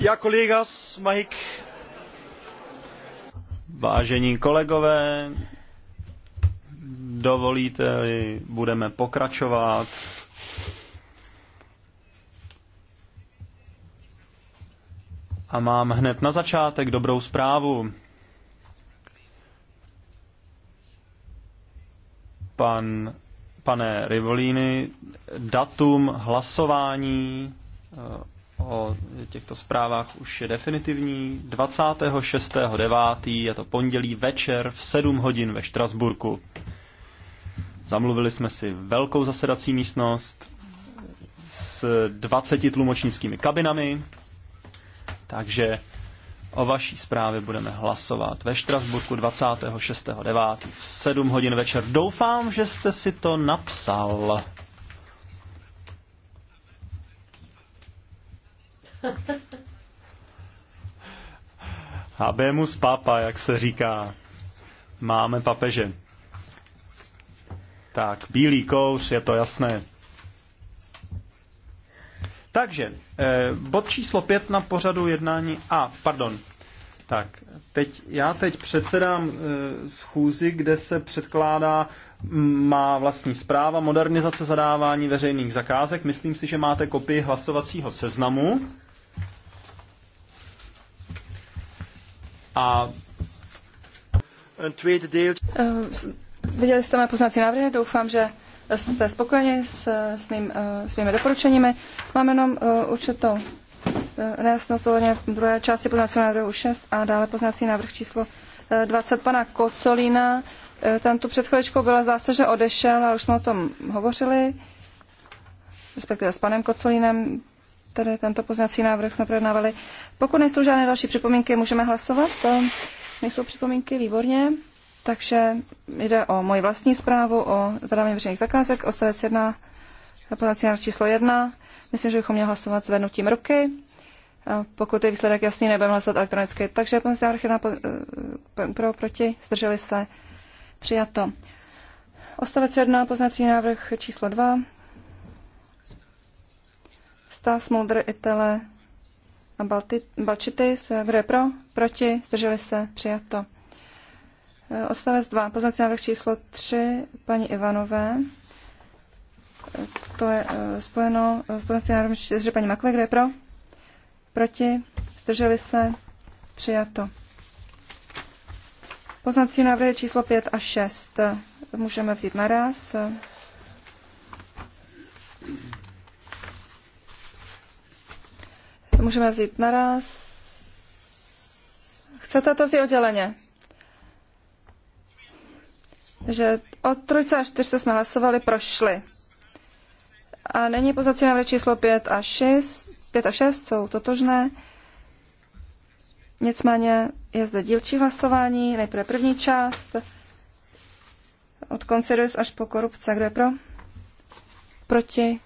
Ja, kolegas, mag ik... Vážení kolegové, dovolíte, budeme pokračovat. A mám hned na začátek dobrou zprávu. Pan, pane Rivolíny, datum hlasování těchto zprávách už je definitivní. 26.9. je to pondělí večer v 7 hodin ve Štrasburku. Zamluvili jsme si velkou zasedací místnost s 20 tlumočnickými kabinami, takže o vaší zprávě budeme hlasovat ve Štrasburku 26.9. v 7 hodin večer. Doufám, že jste si to napsal. Habemus papa, jak se říká. Máme papeže. Tak, bílý kouř, je to jasné. Takže, eh, bod číslo pět na pořadu jednání. A, ah, pardon. Tak, teď, já teď předsedám eh, schůzi, kde se předkládá má vlastní zpráva, modernizace zadávání veřejných zakázek. Myslím si, že máte kopii hlasovacího seznamu. A eh, Viděli jste mé poznací návrhy, doufám, že jste spokojeni s, s, mým, eh, s mými doporučeními. Mám jenom uh, určitou uh, nejasnost ohledně druhé části poznacího návrhu 6 a dále poznací návrh číslo 20 pana Kocolína. Ten tu před chviličkou byla zdá se, že odešel, ale už jsme o tom hovořili, respektive s panem Kocolínem které tento poznací návrh jsme projednávali. Pokud nejsou žádné další připomínky, můžeme hlasovat. Nejsou připomínky, výborně. Takže jde o moji vlastní zprávu, o zadávání veřejných zakázek, odstavec 1, poznací návrh číslo 1. Myslím, že bychom měli hlasovat vednutím ruky. Pokud je výsledek jasný, nebudeme hlasovat elektronicky. Takže poznací návrh 1 eh, pro, proti, zdrželi se, přijato. Ostavec 1, poznací návrh číslo 2, Stas, Moudr Itele a Balčity, Balčitis. Kdo je pro? Proti? Zdrželi se? Přijato. E, odstavec 2. Poznací návrh číslo 3 paní Ivanové. E, to je e, spojeno s poznací návrhem 4 paní Makové. Kdo je pro? Proti? Zdrželi se? Přijato. Poznací návrhy číslo 5 a 6 můžeme vzít naraz. Můžeme vzít naraz. Chcete to si odděleně? Že od trojce a čtyřce jsme hlasovali, prošli. A není pozací návrh číslo 5 a 6. 5 a 6 jsou totožné. Nicméně je zde dílčí hlasování, nejprve první část, od konce až po korupce. Kdo je pro? Proti?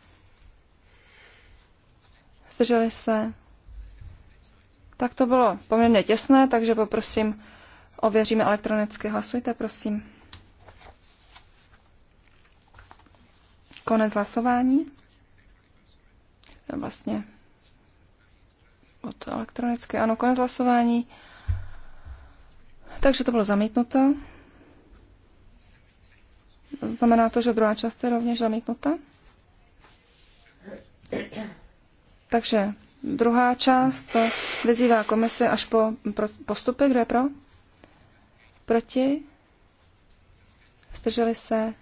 Zdrželi se? Tak to bylo poměrně těsné, takže poprosím, ověříme elektronicky. Hlasujte, prosím. Konec hlasování. Vlastně od elektronicky, ano, konec hlasování. Takže to bylo zamítnuto. Znamená to, že druhá část je rovněž zamítnuta? Takže Druhá část vyzývá komise až po postupy. Kdo je pro? Proti? Zdrželi se?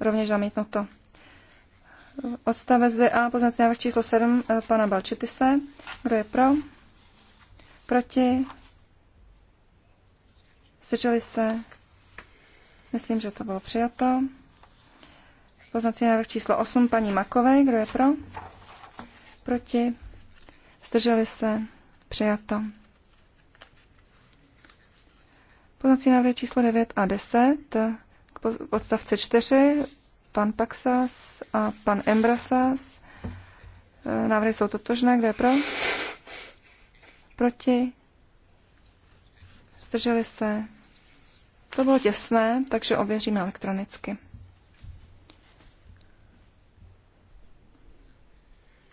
Rovněž zamítnuto. Odstavec 2a, poznací návrh číslo 7 eh, pana Balčitise. Kdo je pro? Proti? Zdrželi se? Myslím, že to bylo přijato. Poznací návrh číslo 8 paní Makové. Kdo je pro? Proti? Zdrželi se? Přijato. Poznací návrh číslo 9 a 10 k odstavci 4 pan Paxas a pan Embrasas. E, návrhy jsou totožné. Kdo je pro? Proti? Zdrželi se? To bylo těsné, takže ověříme elektronicky.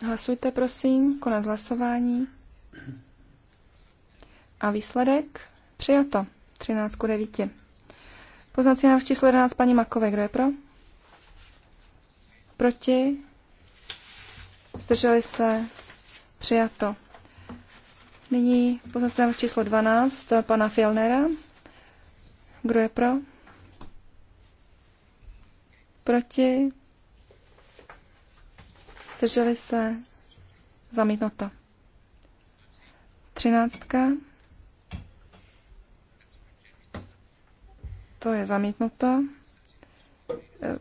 Hlasujte, prosím. Konec hlasování. A výsledek? Přijato. 13 k 9. Poznací návrh číslo 11 paní Makové. Kdo je pro? Proti? Zdrželi se? Přijato. Nyní poznací návrh číslo 12 pana Filnera. Kdo je pro? Proti? Zdrželi se? Zamítnuto. Třináctka. To je zamítnuto. Eh,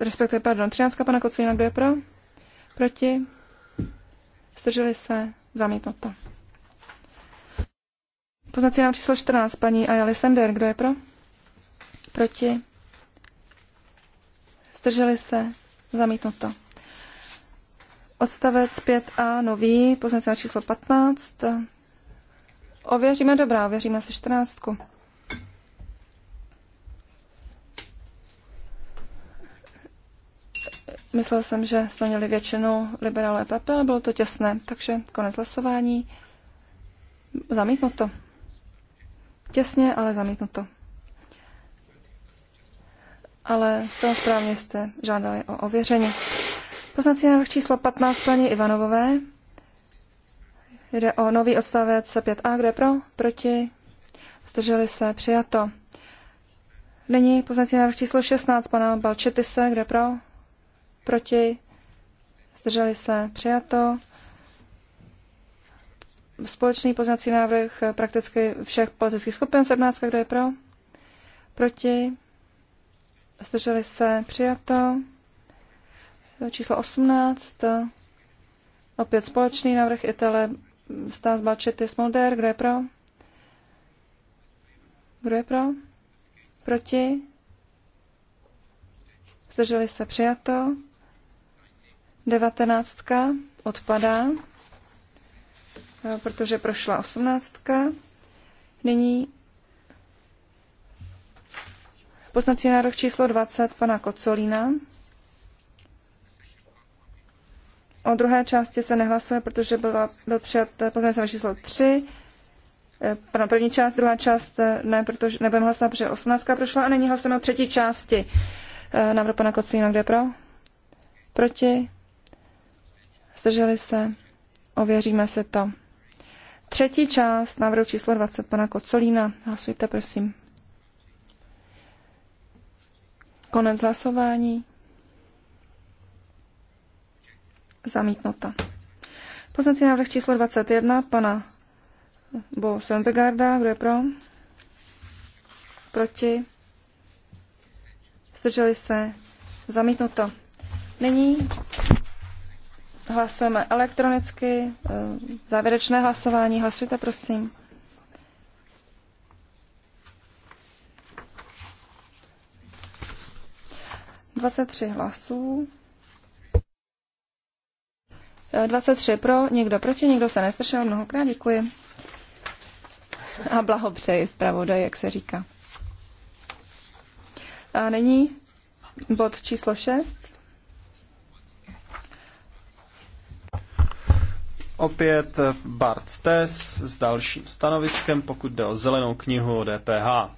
respektive, pardon, třináctka pana Kocina, kdo je pro? Proti? Zdrželi se? Zamítnuto. Poznací nám číslo 14, paní Ayali Sender, kdo je pro? Proti? Zdrželi se? Zamítnuto. Odstavec 5a, nový, poznací číslo 15. Ověříme, dobrá, ověříme se 14. Myslel jsem, že měli většinu liberále EPP, ale bylo to těsné, takže konec hlasování. Zamítnuto. Těsně, ale zamítnuto. Ale to správně jste žádali o ověření. Poznací návrh číslo 15 paní Ivanovové. Jde o nový odstavec 5a, kde pro, proti, zdrželi se, přijato. Nyní poznací návrh číslo 16 pana Balčetise, kde pro, proti, zdrželi se, přijato. Společný poznací návrh prakticky všech politických skupin, 17, kde je pro, proti, zdrželi se, přijato. Číslo 18, opět společný návrh Itele Stas Balčety Mulder, kdo je pro? Kdo je pro? Proti? Zdrželi se přijato. Devatenáctka odpadá, protože prošla osmnáctka. Nyní poslanci nárok číslo 20 pana Kocolína. O druhé části se nehlasuje, protože byla, byl přijat pozměnice číslo 3. Eh, Pardon, první část, druhá část eh, ne, protože nebudeme hlasovat, protože 18. prošla a není hlasujeme o třetí části. Eh, návrh pana Kocína, kde pro? Proti? Zdrželi se? Ověříme si to. Třetí část návrhu číslo 20 pana Kocolína. Hlasujte, prosím. Konec hlasování. zamítnuta. Poznací návrh číslo 21 pana Bo Sempegarda. Kdo je pro? Proti? Zdrželi se? Zamítnuto. Nyní hlasujeme elektronicky. Eh, závěrečné hlasování. Hlasujte, prosím. Dvacet tři hlasů. 23 pro, někdo proti, někdo se nestršel. Mnohokrát děkuji. A blahopřeji zpravodaj, jak se říká. A nyní bod číslo 6. Opět Bart Tess s dalším stanoviskem, pokud jde o zelenou knihu o DPH.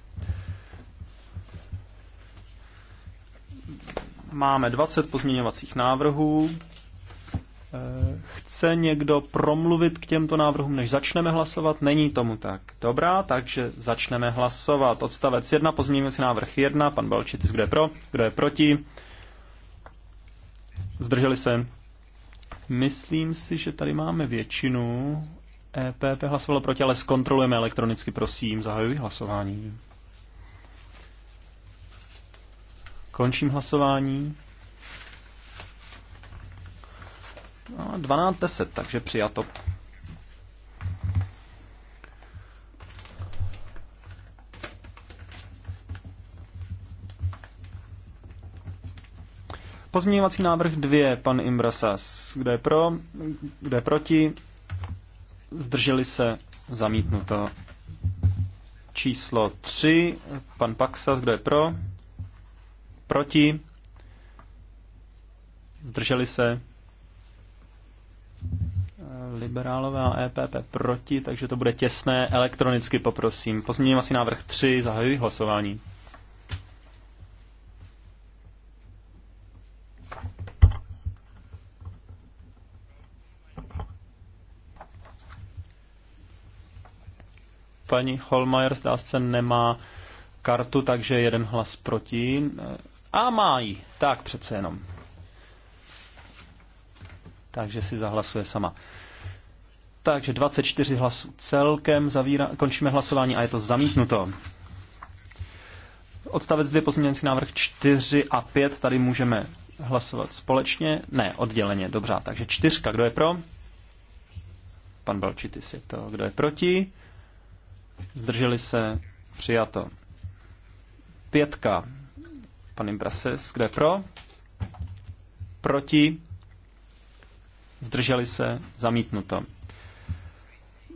Máme 20 pozměňovacích návrhů Eh, chce někdo promluvit k těmto návrhům, než začneme hlasovat? Není tomu tak. Dobrá, takže začneme hlasovat. Odstavec 1, si návrh 1, pan Balčitis, kdo je pro, kdo je proti? Zdrželi se. Myslím si, že tady máme většinu. EPP hlasovalo proti, ale zkontrolujeme elektronicky, prosím. Zahajuji hlasování. Končím hlasování. No, 12-10, takže přijato. Pozměňovací návrh 2, pan Imbrasas. Kdo je pro? Kdo je proti? Zdrželi se zamítnuto. Číslo 3, pan Paxas. Kdo je pro? Proti? Zdrželi se liberálové a EPP proti, takže to bude těsné. Elektronicky poprosím. Pozměním asi návrh 3, zahajuji hlasování. Paní Holmajer zdá se nemá kartu, takže jeden hlas proti. A má jí. Tak přece jenom takže si zahlasuje sama. Takže 24 hlasů celkem, zavíra, končíme hlasování a je to zamítnuto. Odstavec 2, pozměňovací návrh 4 a 5, tady můžeme hlasovat společně, ne, odděleně, dobře, takže čtyřka, kdo je pro? Pan Balčitis je to, kdo je proti? Zdrželi se, přijato. Pětka, pan Imbrases, kdo je pro? Proti? Zdrželi se, zamítnuto.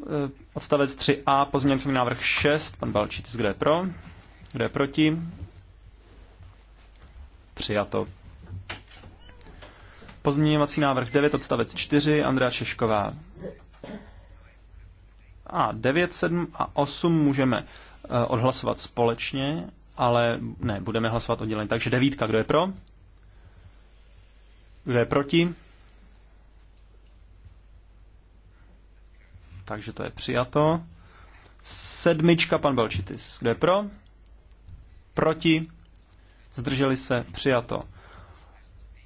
Eh, odstavec 3a, pozměňovací návrh 6, pan Balčíc, kde je pro, kde je proti. Přijato. Pozměňovací návrh 9, odstavec 4, Andrea Šešková. A 9, 7 a 8 můžeme eh, odhlasovat společně, ale ne, budeme hlasovat odděleně. Takže devítka, kdo je pro? Kdo je proti? Takže to je přijato. Sedmička, pan Belčitis. Kdo je pro? Proti? Zdrželi se? Přijato.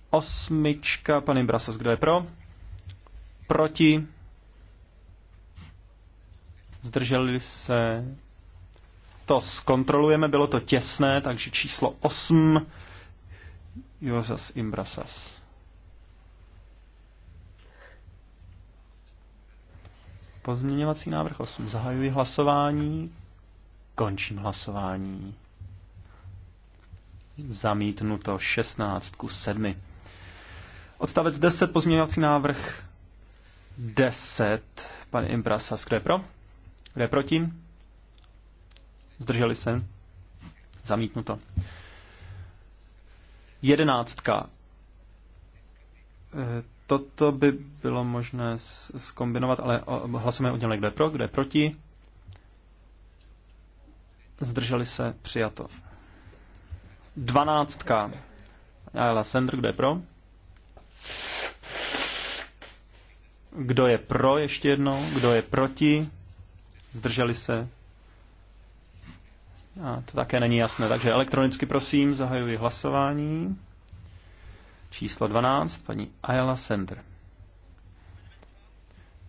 Osmička, pan Imbrasas. Kdo je pro? Proti? Zdrželi se? To zkontrolujeme, bylo to těsné, takže číslo 8. Josas Imbrasas. Pozměňovací návrh 8. Zahajuji hlasování. Končím hlasování. Zamítnuto 16 ku 7. Odstavec 10. Pozměňovací návrh 10. Pan Imbrasas, kdo je pro? Kdo je proti? Zdrželi se? Zamítnuto. Jedenáctka toto by bylo možné skombinovat, ale hlasujeme odděleně, kdo je pro, kdo je proti. Zdrželi se, přijato. Dvanáctka. Ayla Sender, kdo je pro? Kdo je pro ještě jednou? Kdo je proti? Zdrželi se? A to také není jasné, takže elektronicky prosím, zahajuji hlasování. Číslo 12, paní Ayala Sender.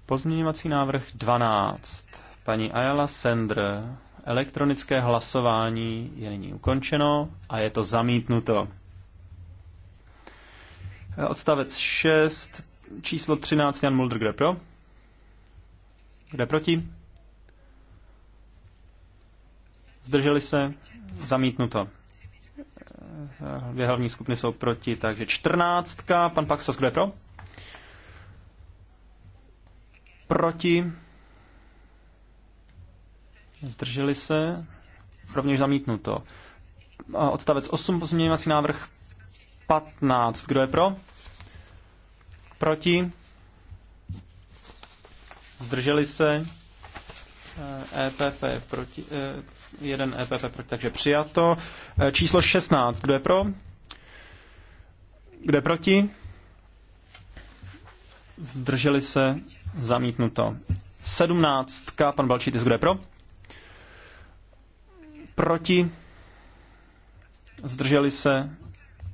Pozměňovací návrh 12. Paní Ayala Sender. Elektronické hlasování je nyní ukončeno a je to zamítnuto. Odstavec 6, číslo 13, Jan Mulder, kde pro? Kde proti? Zdrželi se? Zamítnuto. Dvě hlavní skupiny jsou proti, takže čtrnáctka. Pan Paxas, kdo je pro? Proti. Zdrželi se. Rovněž zamítnuto. Odstavec 8, pozměňovací návrh 15. Kdo je pro? Proti? Zdrželi se? EPP e proti, e, jeden EPP, takže přijato. E, číslo 16, kdo je pro? Kdo je proti? Zdrželi se, zamítnuto. 17, pan Balčítis, kdo je pro? Proti? Zdrželi se,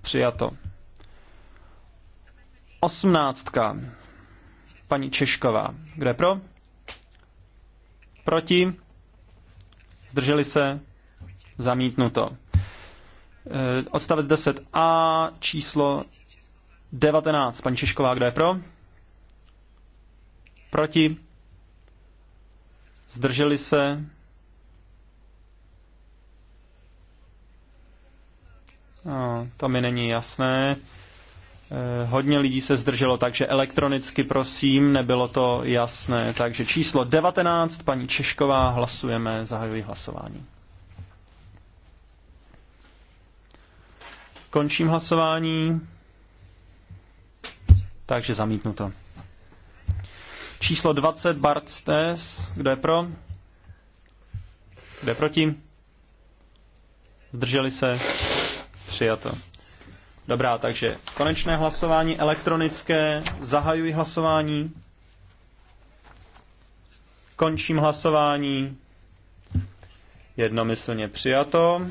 přijato. 18, paní Češková, kdo je pro? Proti? Zdrželi se? Zamítnuto. E, odstavec 10a, číslo 19. Paní Češková, kdo je pro? Proti? Zdrželi se? No, to mi není jasné. Eh, hodně lidí se zdrželo, takže elektronicky prosím, nebylo to jasné. Takže číslo 19, paní Češková, hlasujeme, zahajuji hlasování. Končím hlasování. Takže zamítnuto. Číslo 20, Bart Stes. Kdo je pro? Kdo je proti? Zdrželi se? Přijato. Dobrá, takže konečné hlasování elektronické. Zahajuji hlasování. Končím hlasování. Jednomyslně přijato.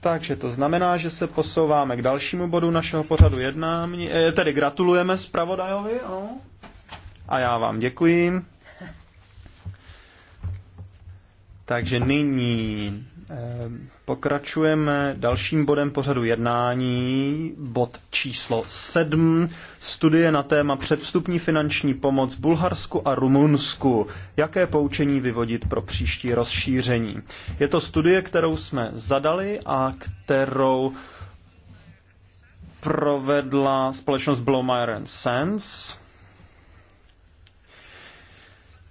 Takže to znamená, že se posouváme k dalšímu bodu našeho pořadu jednání. E, tedy gratulujeme zpravodajovi, ano. A já vám děkuji. Takže nyní Ehm, pokračujeme dalším bodem pořadu jednání, bod číslo 7, studie na téma předvstupní finanční pomoc Bulharsku a Rumunsku. Jaké poučení vyvodit pro příští rozšíření? Je to studie, kterou jsme zadali a kterou provedla společnost Blomire Sense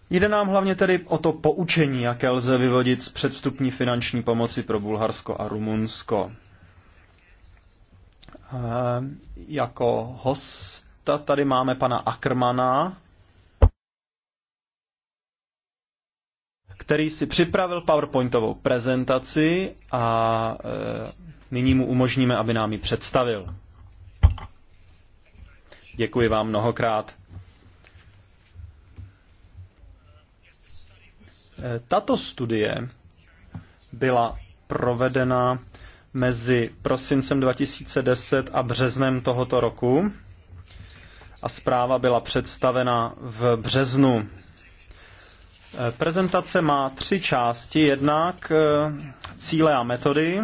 Jde nám hlavně tedy o to poučení, jaké lze vyvodit z předvstupní finanční pomoci pro Bulharsko a Rumunsko. E, jako hosta tady máme pana Ackermana, který si připravil PowerPointovou prezentaci a e, nyní mu umožníme, aby nám ji představil. Děkuji vám mnohokrát. Tato studie byla provedena mezi prosincem 2010 a březnem tohoto roku a zpráva byla představena v březnu. Prezentace má tři části. Jednak eh, cíle a metody,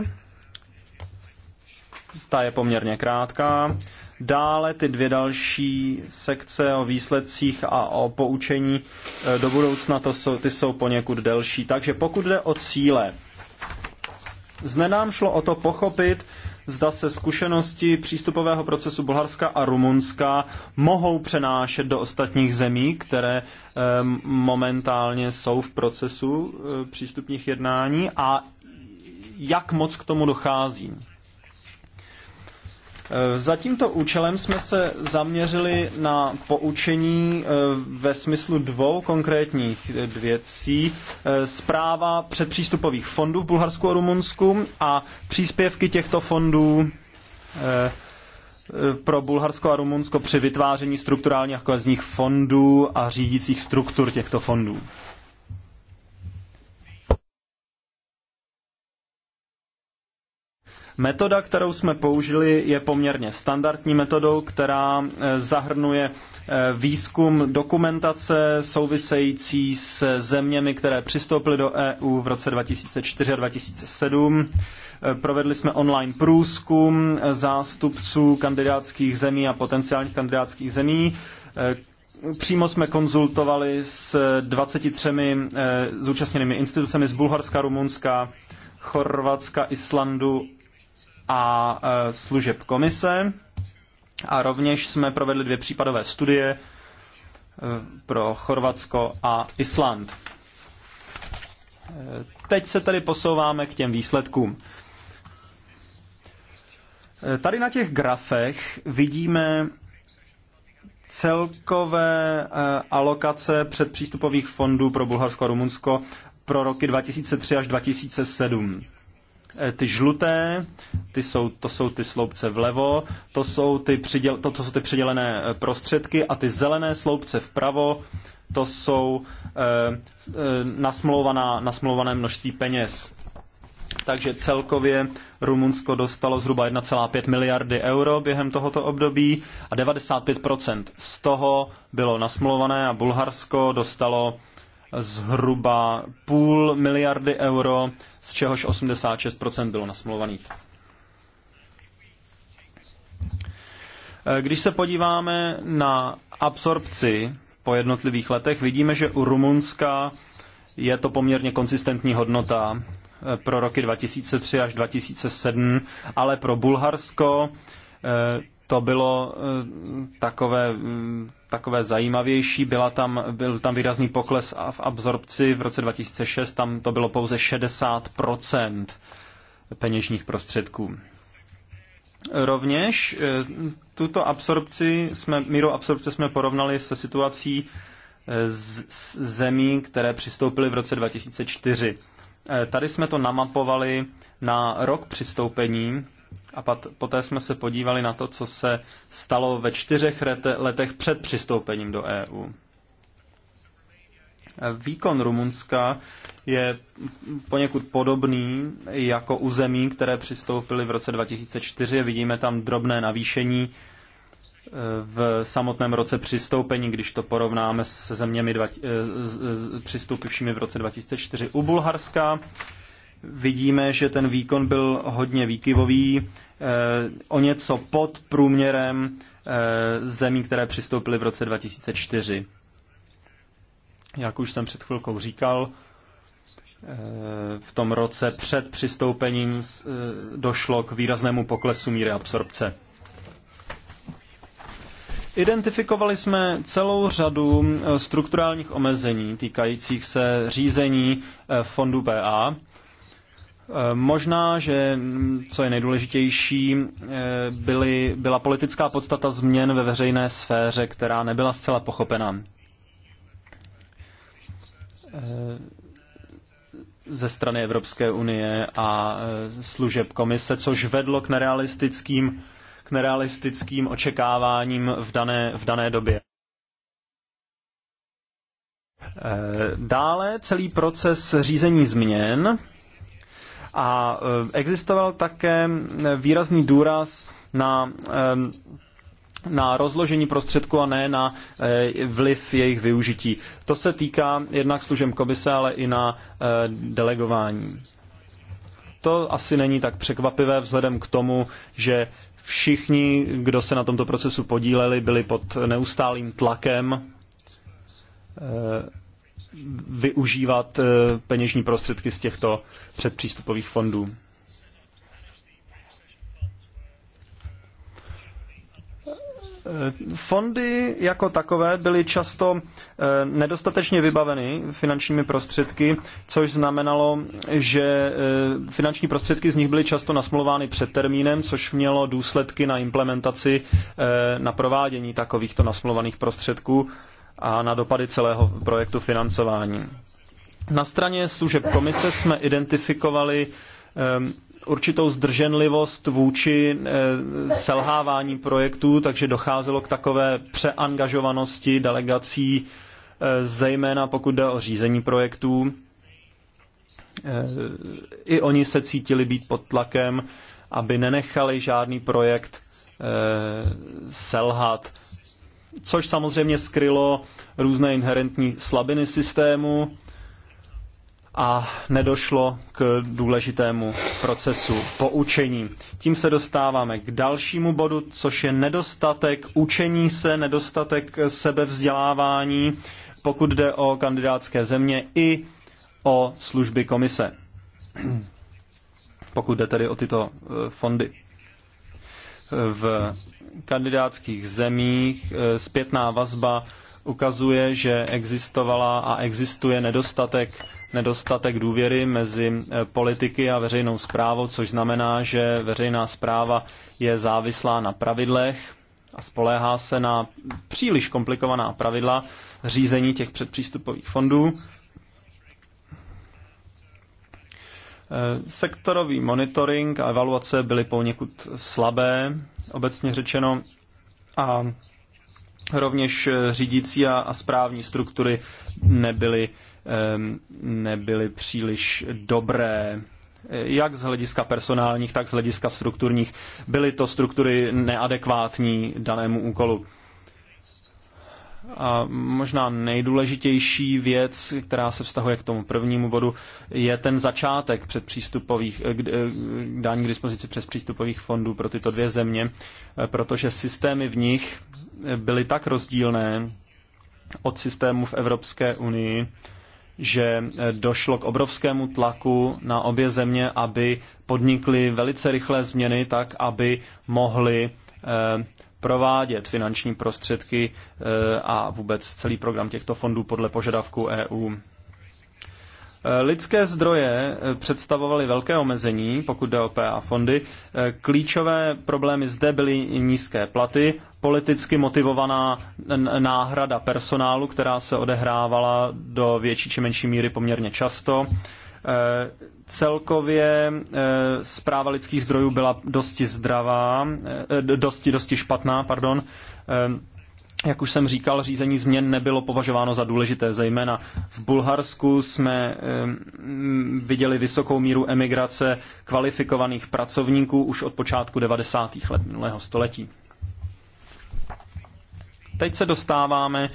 ta je poměrně krátká. Dále ty dvě další sekce o výsledcích a o poučení e, do budoucna, to jsou, ty jsou poněkud delší. Takže pokud jde o cíle, zde nám šlo o to pochopit, zda se zkušenosti přístupového procesu Bulharska a Rumunska mohou přenášet do ostatních zemí, které e, momentálně jsou v procesu e, přístupních jednání a jak moc k tomu dochází. Eh, za tímto účelem jsme se zaměřili na poučení eh, ve smyslu dvou konkrétních věcí. Eh, zpráva předpřístupových fondů v Bulharsku a Rumunsku a příspěvky těchto fondů pro Bulharsko a Rumunsko při vytváření strukturálních a kohezních fondů a řídících struktur těchto fondů. Metoda, kterou jsme použili, je poměrně standardní metodou, která eh, zahrnuje eh, výzkum dokumentace související s zeměmi, které přistoupily do EU v roce 2004 a 2007. Eh, provedli jsme online průzkum zástupců kandidátských zemí a potenciálních kandidátských zemí. Přímo jsme konzultovali s 23 zúčastněnými institucemi z Bulharska, Rumunska, Chorvatska, Islandu a e, služeb komise. A rovněž jsme provedli dvě případové studie e, pro Chorvatsko a Island. E, teď se tedy posouváme k těm výsledkům. Tady na těch grafech vidíme celkové alokace předpřístupových fondů pro Bulharsko a Rumunsko pro roky 2003 až 2007. Eh, ty žluté, ty jsou, to jsou ty sloupce vlevo, to jsou ty, přiděl, to, to jsou ty přidělené eh, prostředky a ty zelené sloupce vpravo, to jsou eh, eh nasmlouvané množství peněz. Takže celkově Rumunsko dostalo zhruba 1,5 miliardy euro během tohoto období a 95% z toho bylo nasmlované a Bulharsko dostalo zhruba půl miliardy euro, z čehož 86% bylo nasmluvaných. Když se podíváme na absorpci po jednotlivých letech, vidíme, že u Rumunska je to poměrně konzistentní hodnota eh, pro roky 2003 až 2007, ale pro Bulharsko eh, to bylo eh, takové mm, takové zajímavější. Byla tam, byl tam výrazný pokles a v absorpci v roce 2006, tam to bylo pouze 60 peněžních prostředků. Rovněž eh, tuto absorpci jsme, míru absorpce jsme porovnali se situací eh, z, z zemí, které přistoupily v roce 2004. Eh, tady jsme to namapovali na rok přistoupení a pat, poté jsme se podívali na to, co se stalo ve čtyřech letech před přistoupením do EU. Výkon Rumunska je poněkud podobný jako u zemí, které přistoupily v roce 2004. Vidíme tam drobné navýšení e, v samotném roce přistoupení, když to porovnáme se zeměmi dva, e, přistoupivšími v roce 2004 u Bulharska vidíme, že ten výkon byl hodně výkyvový, eh, o něco pod průměrem eh, zemí, které přistoupily v roce 2004. Jak už jsem před chvilkou říkal, eh, v tom roce před přistoupením došlo k výraznému poklesu míry absorpce. Identifikovali jsme celou řadu strukturálních omezení týkajících se řízení fondu PA Eh, možná, že mm, co je nejdůležitější, eh, byly, byla politická podstata změn ve veřejné sféře, která nebyla zcela pochopena. Eh, ze strany Evropské unie a služeb komise, což vedlo k nerealistickým, k nerealistickým očekáváním v dané, v dané době. Dále celý proces řízení změn a eh, existoval také eh, výrazný důraz na eh, na rozložení prostředků a ne na vliv jejich využití. To se týká jednak služem komise, ale i na delegování. To asi není tak překvapivé vzhledem k tomu, že všichni, kdo se na tomto procesu podíleli, byli pod neustálým tlakem využívat eh, peněžní prostředky z těchto předpřístupových fondů. Eh, fondy jako takové byly často eh, nedostatečně vybaveny finančními prostředky, což znamenalo, že finanční prostředky z nich byly často nasmluvány před termínem, což mělo důsledky na implementaci, na provádění takovýchto nasmluvaných prostředků a na dopady celého projektu financování. Na straně služeb komise jsme identifikovali určitou zdrženlivost vůči selhávání projektů, takže docházelo k takové přeangažovanosti delegací, zejména pokud jde o řízení projektů. I oni se cítili být pod tlakem, aby nenechali žádný projekt selhat což samozřejmě skrylo různé inherentní slabiny systému a nedošlo k důležitému procesu poučení. Tím se dostáváme k dalšímu bodu, což je nedostatek učení se, nedostatek sebevzdělávání, pokud jde o kandidátské země i o služby komise. Pokud jde tedy o tyto eh, fondy. V kandidátských zemích e, zpětná vazba ukazuje, že existovala a existuje nedostatek, nedostatek důvěry mezi e, politiky a veřejnou zprávou, což znamená, že veřejná zpráva je závislá na pravidlech a spoléhá se na příliš komplikovaná pravidla řízení těch předpřístupových fondů Sektorový monitoring a evaluace byly poněkud slabé, obecně řečeno, a rovněž řídící a, a správní struktury nebyly, nebyly příliš dobré jak z hlediska personálních, tak z hlediska strukturních. Byly to struktury neadekvátní danému úkolu. A možná nejdůležitější věc, která se vztahuje k tomu prvnímu bodu, je ten začátek před přístupových, eh, eh, dání k dispozici přes přístupových fondů pro tyto dvě země, eh, protože systémy v nich byly tak rozdílné od systému v Evropské unii, že došlo k obrovskému tlaku na obě země, aby podnikly velice rychlé změny tak, aby mohly eh, provádět finanční prostředky eh, a vůbec celý program těchto fondů podle požadavků EU. Eh, lidské zdroje eh, představovaly velké omezení, pokud jde o PA fondy. Klíčové problémy zde byly nízké platy, politicky motivovaná náhrada personálu, která se odehrávala do větší či menší míry poměrně často, Eh, celkově zpráva eh, lidských zdrojů byla dosti zdravá, eh, dosti, dosti špatná, pardon. Jak už jsem říkal, řízení změn nebylo považováno za důležité, zejména v Bulharsku jsme viděli vysokou míru emigrace kvalifikovaných pracovníků už od počátku 90. let minulého století. Teď se dostáváme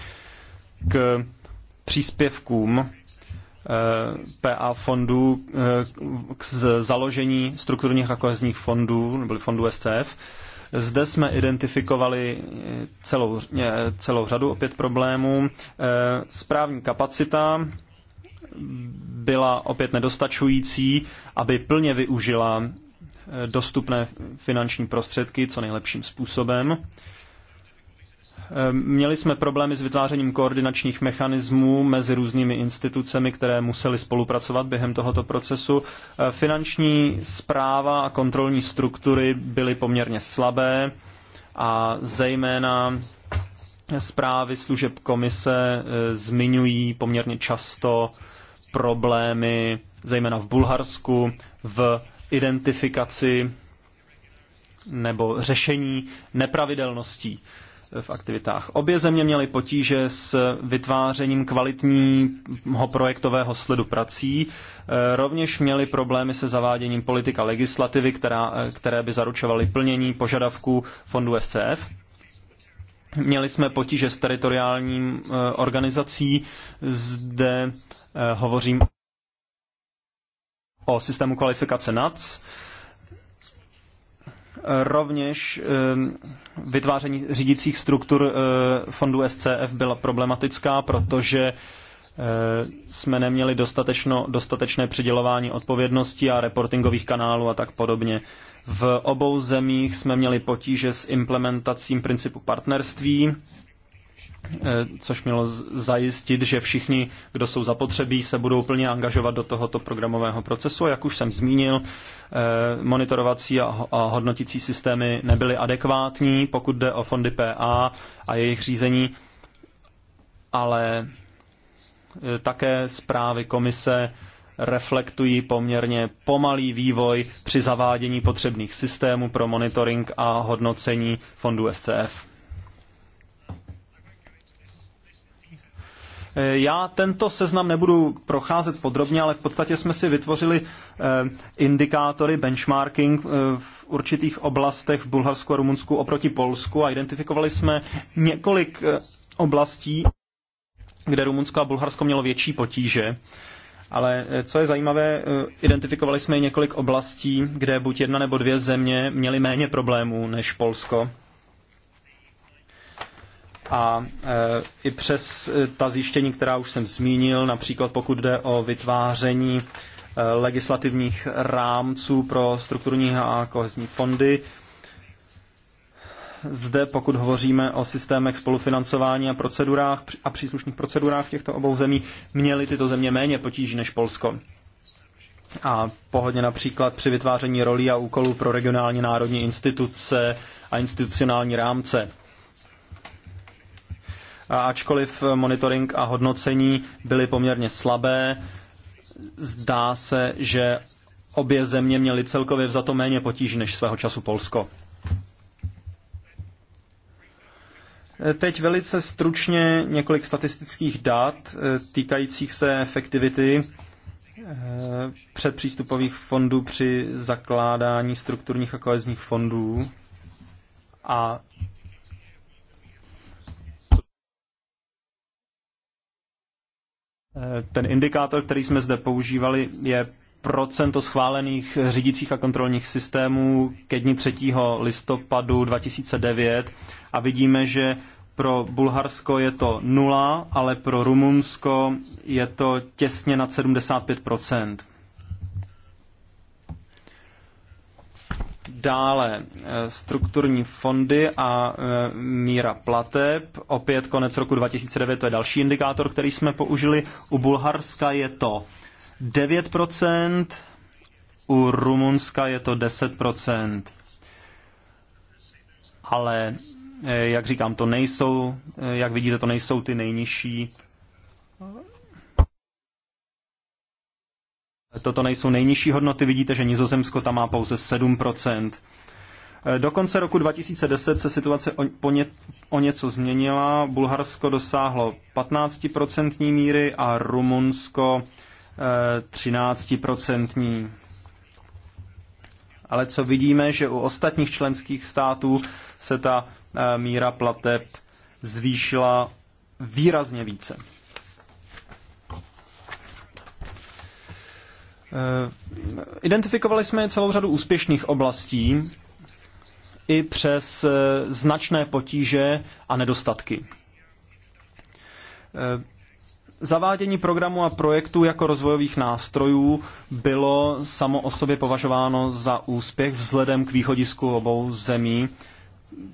k příspěvkům Eh, PA fondů eh, k založení strukturních a kohezních fondů, nebo fondů SCF. Zde jsme identifikovali eh, celou, celou řadu opět problémů. Správní kapacita byla opět nedostačující, aby plně využila dostupné finanční prostředky co nejlepším způsobem. Ehm, měli jsme problémy s vytvářením koordinačních mechanismů mezi různými institucemi, které musely spolupracovat během tohoto procesu. Ehm, finanční zpráva a kontrolní struktury byly poměrně slabé a zejména zprávy služeb komise eh, zmiňují poměrně často problémy, zejména v Bulharsku, v identifikaci nebo řešení nepravidelností v aktivitách. Obě země měly potíže s vytvářením kvalitního projektového sledu prací, e, rovněž měly problémy se zaváděním politika legislativy, která, e, které by zaručovaly plnění požadavků fondu SCF. Měli jsme potíže s teritoriálním e, organizací, zde hovořím o systému kvalifikace NAC. Rovněž ehm, vytváření řídících struktur eh, fondu SCF byla problematická, protože eh, jsme neměli dostatečno, dostatečné přidělování odpovědnosti a reportingových kanálů a tak podobně. V obou zemích jsme měli potíže s implementacím principu partnerství Eh, což mělo zajistit, že všichni, kdo jsou zapotřebí, se budou plně angažovat do tohoto programového procesu. jak už jsem zmínil, eh, monitorovací a hodnotící systémy nebyly adekvátní, pokud jde o fondy PA a jejich řízení, ale eh, také zprávy komise reflektují poměrně pomalý vývoj při zavádění potřebných systémů pro monitoring a hodnocení fondů SCF. Eh, já tento seznam nebudu procházet podrobně, ale v podstatě jsme si vytvořili eh, indikátory, benchmarking eh, v určitých oblastech v Bulharsku a Rumunsku oproti Polsku a identifikovali jsme několik oblastí, kde Rumunsko a Bulharsko mělo větší potíže. Ale co je zajímavé, identifikovali jsme i několik oblastí, kde buď jedna nebo dvě země měly méně problémů než Polsko a e, i přes e, ta zjištění, která už jsem zmínil, například pokud jde o vytváření e, legislativních rámců pro strukturní a kohezní fondy, zde, pokud hovoříme o systémech spolufinancování a procedurách a příslušných procedurách těchto obou zemí, měly tyto země méně potíží než Polsko. A pohodně například při vytváření rolí a úkolů pro regionální národní instituce a institucionální rámce ačkoliv monitoring a hodnocení byly poměrně slabé, zdá se, že obě země měly celkově to méně potíží než svého času Polsko. Teď velice stručně několik statistických dat eh, týkajících se efektivity eh, předpřístupových fondů při zakládání strukturních a kohezních fondů a Eh, ten indikátor, který jsme zde používali, je procento schválených řídících a kontrolních systémů ke dni 3. listopadu 2009 a vidíme, že pro Bulharsko je to nula, ale pro Rumunsko je to těsně nad 75 Dále eh, strukturní fondy a eh, míra plateb. Opět konec roku 2009, to je další indikátor, který jsme použili. U Bulharska je to 9%, u Rumunska je to 10%. Ale, eh, jak říkám, to nejsou, jak vidíte, to nejsou ty nejnižší Toto nejsou nejnižší hodnoty, vidíte, že Nizozemsko tam má pouze 7%. E, do konce roku 2010 se situace o, ně, o něco změnila. Bulharsko dosáhlo 15% míry a Rumunsko e, 13%. Ale co vidíme, že u ostatních členských států se ta e, míra plateb zvýšila výrazně více. Eh, identifikovali jsme celou řadu úspěšných oblastí i přes eh, značné potíže a nedostatky. Eh, zavádění programu a projektů jako rozvojových nástrojů bylo samo o sobě považováno za úspěch vzhledem k východisku obou zemí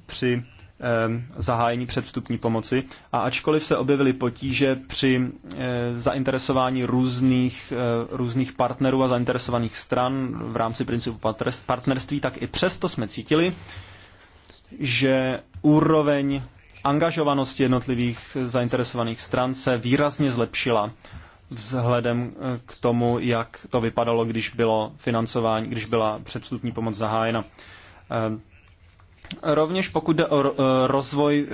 při Ehm, zahájení předstupní pomoci. A ačkoliv se objevily potíže při eh, zainteresování různých, eh, různých partnerů a zainteresovaných stran v rámci principu partnerství, tak i přesto jsme cítili, že úroveň angažovanosti jednotlivých zainteresovaných stran se výrazně zlepšila vzhledem eh, k tomu, jak to vypadalo, když bylo financování, když byla předstupní pomoc zahájena. Ehm, Rovněž pokud jde o e, rozvoj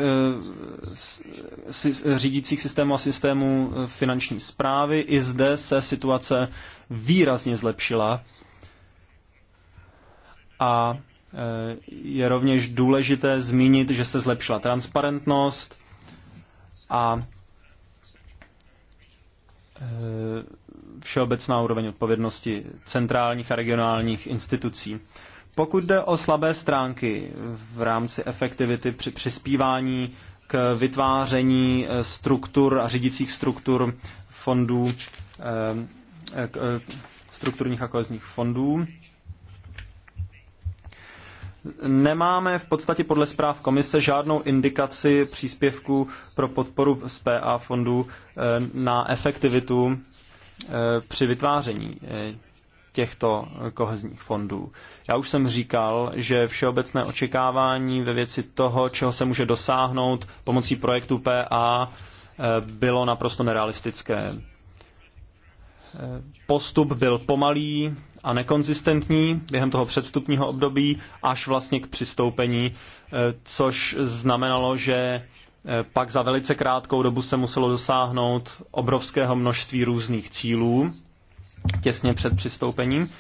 e, řídících systémů a systémů e, finanční zprávy, i zde se situace výrazně zlepšila. A je rovněž důležité zmínit, že se zlepšila transparentnost a všeobecná úroveň odpovědnosti centrálních a regionálních institucí. Pokud jde o slabé stránky v rámci efektivity při přispívání k vytváření eh, struktur a řídicích struktur fondů, eh, eh, strukturních a kolezních fondů, Nemáme v podstatě podle zpráv komise žádnou indikaci příspěvku pro podporu z PA fondů na efektivitu při vytváření těchto eh, kohezních fondů. Já už jsem říkal, že všeobecné očekávání ve věci toho, čeho se může dosáhnout pomocí projektu PA, eh, bylo naprosto nerealistické. Eh, postup byl pomalý a nekonzistentní během toho předstupního období až vlastně k přistoupení, což znamenalo, že pak za velice krátkou dobu se muselo dosáhnout obrovského množství různých cílů těsně před přistoupením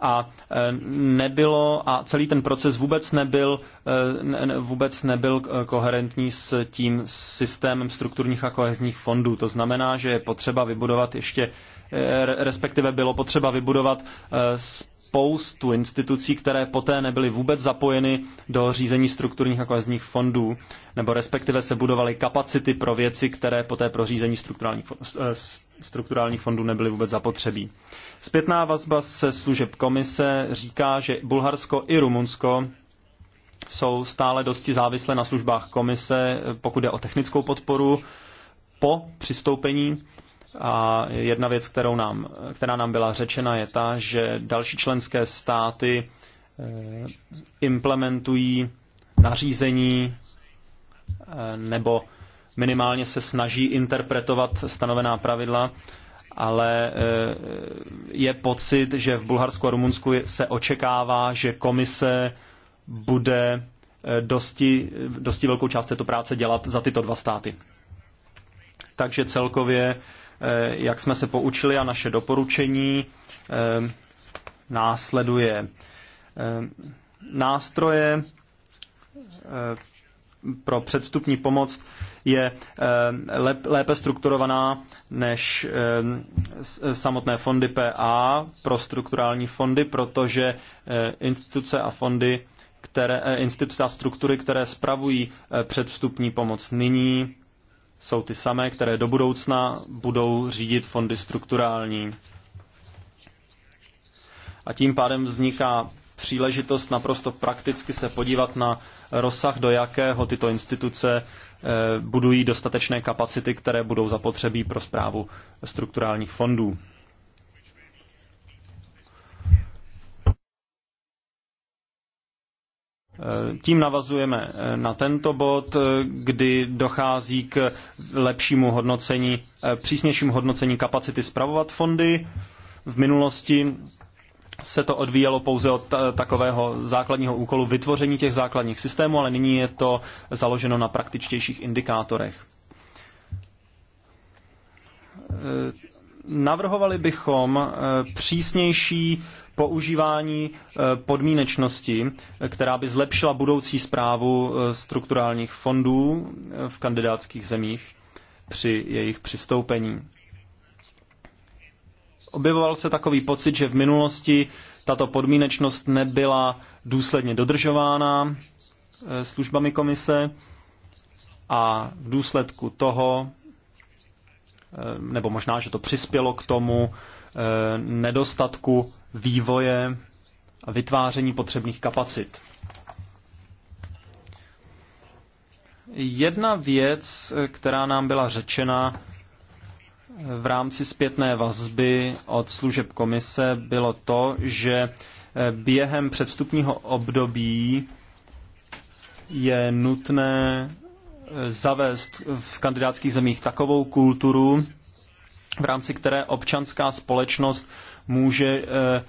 a e, nebylo a celý ten proces vůbec nebyl e, vůbec nebyl e, koherentní s tím systémem strukturních a kohezních fondů. To znamená, že je potřeba vybudovat ještě respektive bylo potřeba vybudovat spoustu institucí, které poté nebyly vůbec zapojeny do řízení strukturních a kohezních fondů, nebo respektive se budovaly kapacity pro věci, které poté pro řízení strukturálních, eh, strukturálních fondů nebyly vůbec zapotřebí. Zpětná vazba se služeb komise říká, že Bulharsko i Rumunsko jsou stále dosti závislé na službách komise, eh, pokud jde o technickou podporu po přistoupení a jedna věc, kterou nám, která nám byla řečena, je ta, že další členské státy eh, implementují nařízení eh, nebo minimálně se snaží interpretovat stanovená pravidla, ale eh, je pocit, že v Bulharsku a Rumunsku se očekává, že komise bude dosti, dosti velkou část této práce dělat za tyto dva státy. Takže celkově Eh, jak jsme se poučili a naše doporučení eh, následuje eh, nástroje pro předstupní pomoc je lépe strukturovaná než samotné fondy PA pro strukturální fondy, protože instituce a fondy, které, instituce a struktury, které spravují předstupní pomoc nyní, jsou ty samé, které do budoucna budou řídit fondy strukturální. A tím pádem vzniká příležitost naprosto prakticky se podívat na rozsah, do jakého tyto instituce eh, budují dostatečné kapacity, které budou zapotřebí pro zprávu strukturálních fondů. Eh, tím navazujeme eh, na tento bod, eh, kdy dochází k lepšímu hodnocení, přísnějšímu hodnocení kapacity spravovat fondy. V minulosti se to odvíjelo pouze od takového základního úkolu vytvoření těch základních systémů, ale nyní je to založeno na praktičtějších indikátorech. Navrhovali bychom přísnější používání eh, podmínečnosti, eh, která by zlepšila budoucí zprávu eh, strukturálních fondů v kandidátských zemích při jejich přistoupení. Objevoval se takový pocit, že v minulosti tato podmínečnost nebyla důsledně dodržována službami komise a v důsledku toho, nebo možná, že to přispělo k tomu, Eh, nedostatku vývoje a vytváření potřebných kapacit. Jedna věc, která nám byla řečena v rámci zpětné vazby od služeb komise, bylo to, že eh, během předvstupního období je nutné eh, zavést v kandidátských zemích takovou kulturu, v rámci které občanská společnost může eh, eh,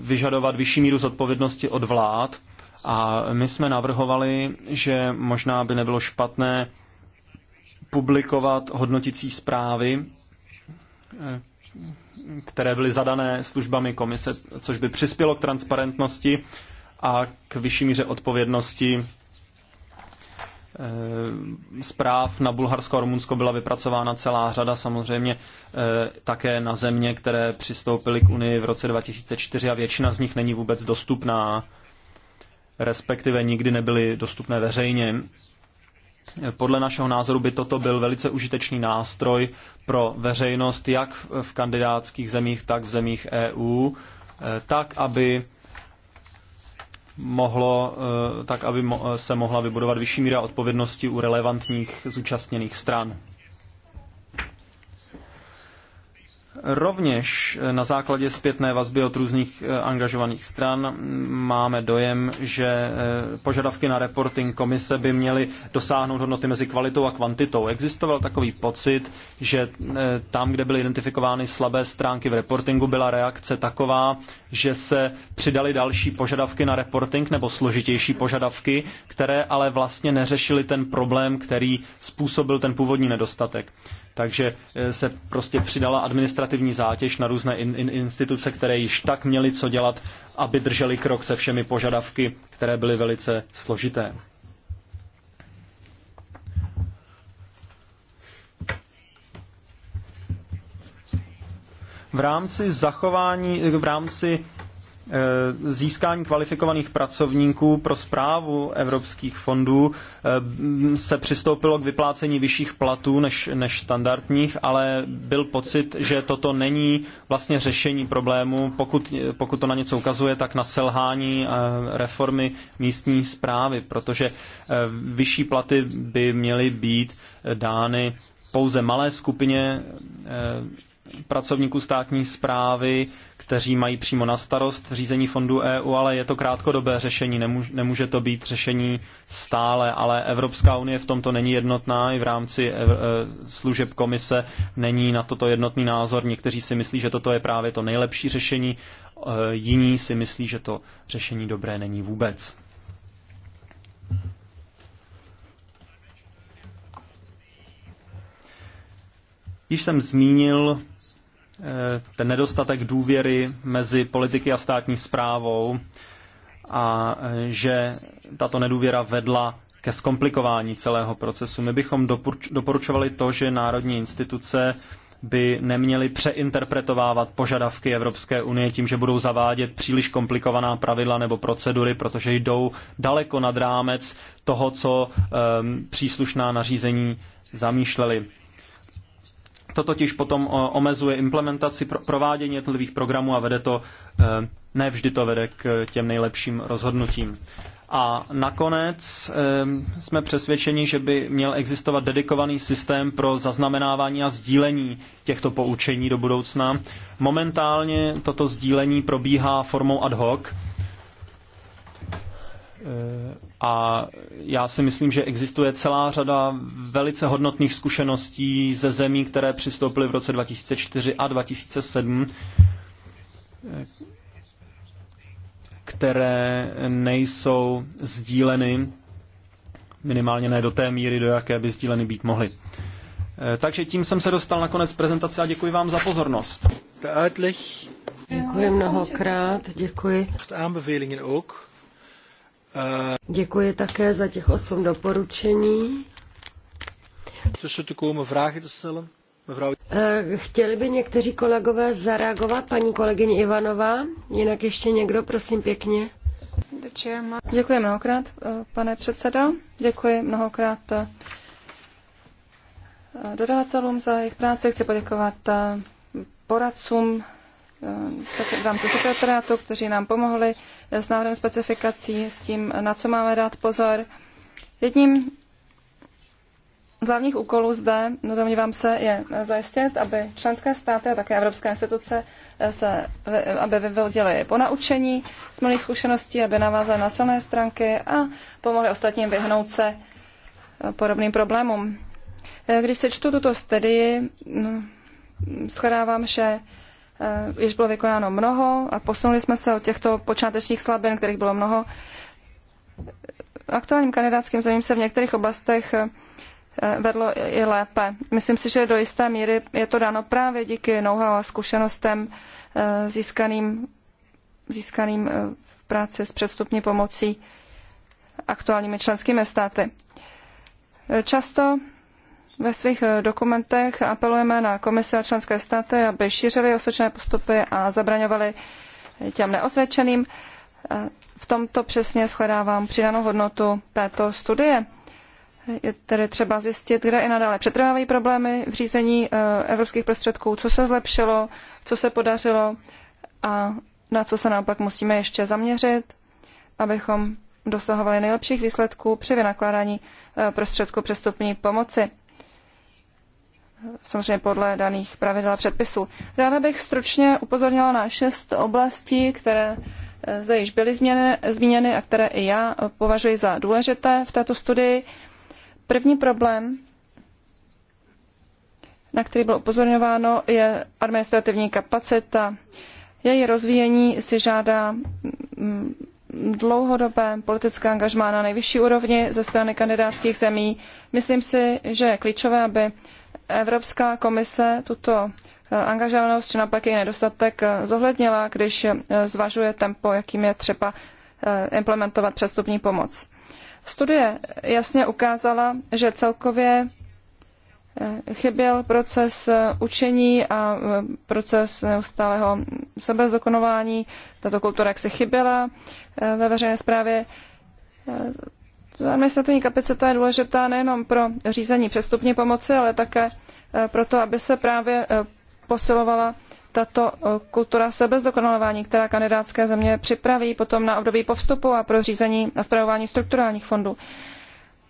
vyžadovat vyšší míru zodpovědnosti od vlád. A my jsme navrhovali, že možná by nebylo špatné publikovat hodnotící zprávy, eh, které byly zadané službami komise, což by přispělo k transparentnosti a k vyšší míře odpovědnosti Eh, zpráv na Bulharsko a Rumunsko byla vypracována celá řada, samozřejmě eh, také na země, které přistoupily k Unii v roce 2004 a většina z nich není vůbec dostupná, respektive nikdy nebyly dostupné veřejně. Eh, podle našeho názoru by toto byl velice užitečný nástroj pro veřejnost jak v kandidátských zemích, tak v zemích EU, tak aby mohlo, eh, tak aby se mohla vybudovat vyšší míra odpovědnosti u relevantních zúčastněných stran. Rovněž eh, na základě zpětné vazby od různých eh, angažovaných stran máme dojem, že eh, požadavky na reporting komise by měly dosáhnout hodnoty mezi kvalitou a kvantitou. Existoval takový pocit, že tam, kde byly identifikovány slabé stránky v reportingu, byla reakce taková, že se přidaly další požadavky na reporting nebo složitější požadavky, které ale vlastně neřešily ten problém, který způsobil ten původní nedostatek. Takže eh, se prostě přidala administrativní zátěž na různé in, in, instituce, které již tak měly co dělat, aby drželi krok se všemi požadavky, které byly velice složité. v rámci zachování, v rámci Eh, získání kvalifikovaných pracovníků pro správu evropských fondů eh, se přistoupilo k vyplácení vyšších platů než, než standardních, ale byl pocit, že toto není vlastně řešení problému. Pokud, pokud to na něco ukazuje, tak na selhání eh, reformy místní správy, protože vyšší platy by měly být dány pouze malé skupině pracovníků státní správy, kteří mají přímo na starost řízení fondů EU, ale je to krátkodobé řešení, nemůže to být řešení stále, ale Evropská unie v tomto není jednotná i v rámci e, služeb komise není na toto jednotný názor. Někteří si myslí, že toto je právě to nejlepší řešení, e, jiní si myslí, že to řešení dobré není vůbec. Již jsem zmínil Eh, ten nedostatek důvěry mezi politiky a státní zprávou a eh, že tato nedůvěra vedla ke zkomplikování celého procesu. My bychom doporučovali to, že národní instituce by neměly přeinterpretovávat požadavky Evropské unie tím, že budou zavádět příliš komplikovaná pravidla nebo procedury, protože jdou daleko nad rámec toho, co um, příslušná nařízení zamýšleli. To totiž potom eh, omezuje implementaci, provádění jednotlivých programů a vede to, eh, ne vždy to vede k těm nejlepším rozhodnutím. A nakonec eh, jsme přesvědčeni, že by měl existovat dedikovaný systém pro zaznamenávání a sdílení těchto poučení do budoucna. Momentálně toto sdílení probíhá formou ad hoc, a já si myslím, že existuje celá řada velice hodnotných zkušeností ze zemí, které přistoupily v roce 2004 a 2007, které nejsou sdíleny, minimálně ne do té míry, do jaké by sdíleny být mohly. Eh, takže tím jsem se dostal na konec prezentace a děkuji vám za pozornost. Děkuji mnohokrát, děkuji. ook. Děkuji také za těch osm doporučení. Tussen te komen Chtěli by někteří kolegové zareagovat, paní kolegyně Ivanová? Jinak ještě někdo, prosím pěkně. Děkuji mnohokrát, eh, pane předsedo. Děkuji mnohokrát eh, dodavatelům za jejich práci. Chci poděkovat eh, poradcům Eh, v rámci sekretariátu, kteří nám pomohli eh, s návrhem specifikací, s tím, eh, na co máme dát pozor. Jedním z hlavních úkolů zde, no domnívám se, je zajistit, aby členské státy a také evropské instituce se, aby vyvodili ponaučení z mnohých zkušeností, aby navázali na silné stránky a pomohli ostatním vyhnout se podobným problémům. Když se čtu tuto studii, no, shledávám, že Eh, již bylo vykonáno mnoho a posunuli jsme se od těchto počátečních slabin, kterých bylo mnoho. Aktuálním kandidátským zemím se v některých oblastech eh, vedlo i lépe. Myslím si, že do jisté míry je to dáno právě díky know-how a zkušenostem eh, získaným, získaným v práci s předstupní pomocí aktuálními členskými státy. Často ve svých eh, dokumentech apelujeme na komise a členské státy, aby šířili osvědčené postupy a zabraňovali těm neosvědčeným. Eh, v tomto přesně shledávám přidanou hodnotu této studie. Je tedy třeba zjistit, kde i nadále přetrvávají problémy v řízení eh, evropských prostředků, co se zlepšilo, co se podařilo a na co se naopak musíme ještě zaměřit, abychom dosahovali nejlepších výsledků při vynakládání prostředků přestupní pomoci samozřejmě podle daných pravidel a předpisů. Ráda bych stručně upozornila na šest oblastí, které eh, zde již byly změny, zmíněny a které i já eh, považuji za důležité v této studii. První problém, na který bylo upozorňováno, je administrativní kapacita. Její rozvíjení si žádá mm, dlouhodobé politické angažmá na nejvyšší úrovni ze strany kandidátských zemí. Myslím si, že je klíčové, aby Evropská komise tuto eh, angažovanost či naopak její nedostatek eh, zohlednila, když eh, zvažuje tempo, jakým je třeba implementovat přestupní pomoc. Studie jasně ukázala, že celkově chyběl proces učení a proces neustálého sebezdokonování. Tato kultura jaksi chyběla ve veřejné správě. Administrativní kapacita je důležitá nejenom pro řízení přestupní pomoci, ale také eh, proto, aby se právě eh, posilovala tato eh, kultura sebezdokonalování, která kandidátské země připraví potom na období po vstupu a pro řízení a zpravování strukturálních fondů,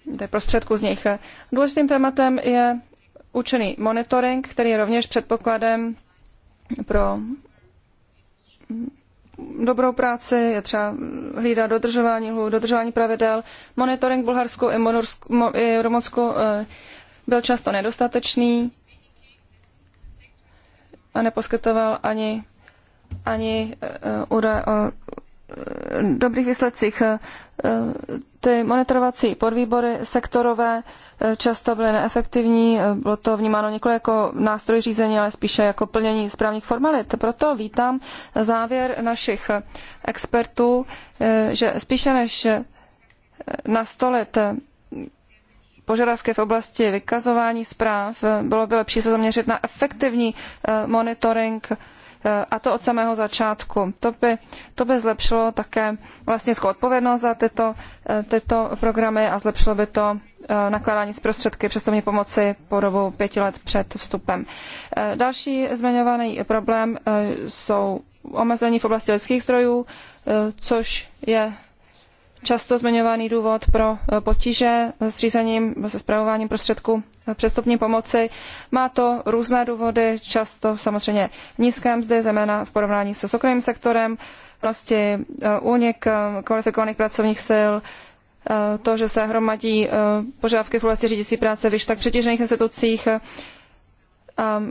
tedy prostředků z nich. Důležitým tématem je účinný monitoring, který je rovněž předpokladem pro dobrou práci, je třeba hlídat dodržování lhů, dodržování pravidel. Monitoring Bulharsku i, Monorsku, mo, i Rumunsku eh, byl často nedostatečný a neposkytoval ani, ani eh, údaje o dobrých výsledcích. Eh, ty monitorovací podvýbory sektorové eh, často byly neefektivní, eh, bylo to vnímáno nikoli jako nástroj řízení, ale spíše jako plnění správních formalit. Proto vítám závěr našich expertů, že spíše než nastolit požadavky v oblasti vykazování zpráv, bylo by lepší se zaměřit na efektivní monitoring a to od samého začátku. To by, to by zlepšilo také Vlastně odpovědnost za tyto, eh, tyto programy a zlepšilo by to eh, nakládání s prostředky přestovní pomoci po dobu pěti let před vstupem. Eh, další zmiňovaný problém jsou omezení v oblasti lidských zdrojů, což je často zmiňovaný důvod pro eh, potíže s řízením, se spravováním prostředků eh, předvstupní pomoci. Má to různé důvody, často samozřejmě nízké mzdy, zejména v porovnání se soukromým sektorem, prostě únik kvalifikovaných pracovních sil, to, že se hromadí požadavky v oblasti řídící práce v již tak přetížených institucích,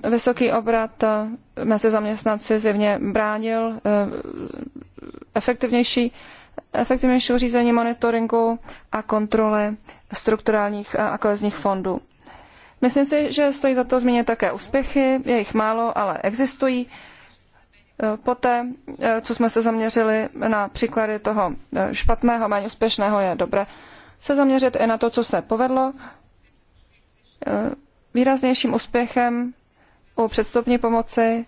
vysoký obrat mezi zaměstnanci zjevně bránil efektivnější efektivnějšího řízení monitoringu a kontroly strukturálních a kohezních fondů. Myslím si, že stojí za to zmínit také úspěchy, je jich málo, ale existují. E, poté, e, co jsme se zaměřili na příklady toho e, špatného, méně úspěšného, je dobré se zaměřit i na to, co se povedlo. Výraznějším úspěchem u předstupní pomoci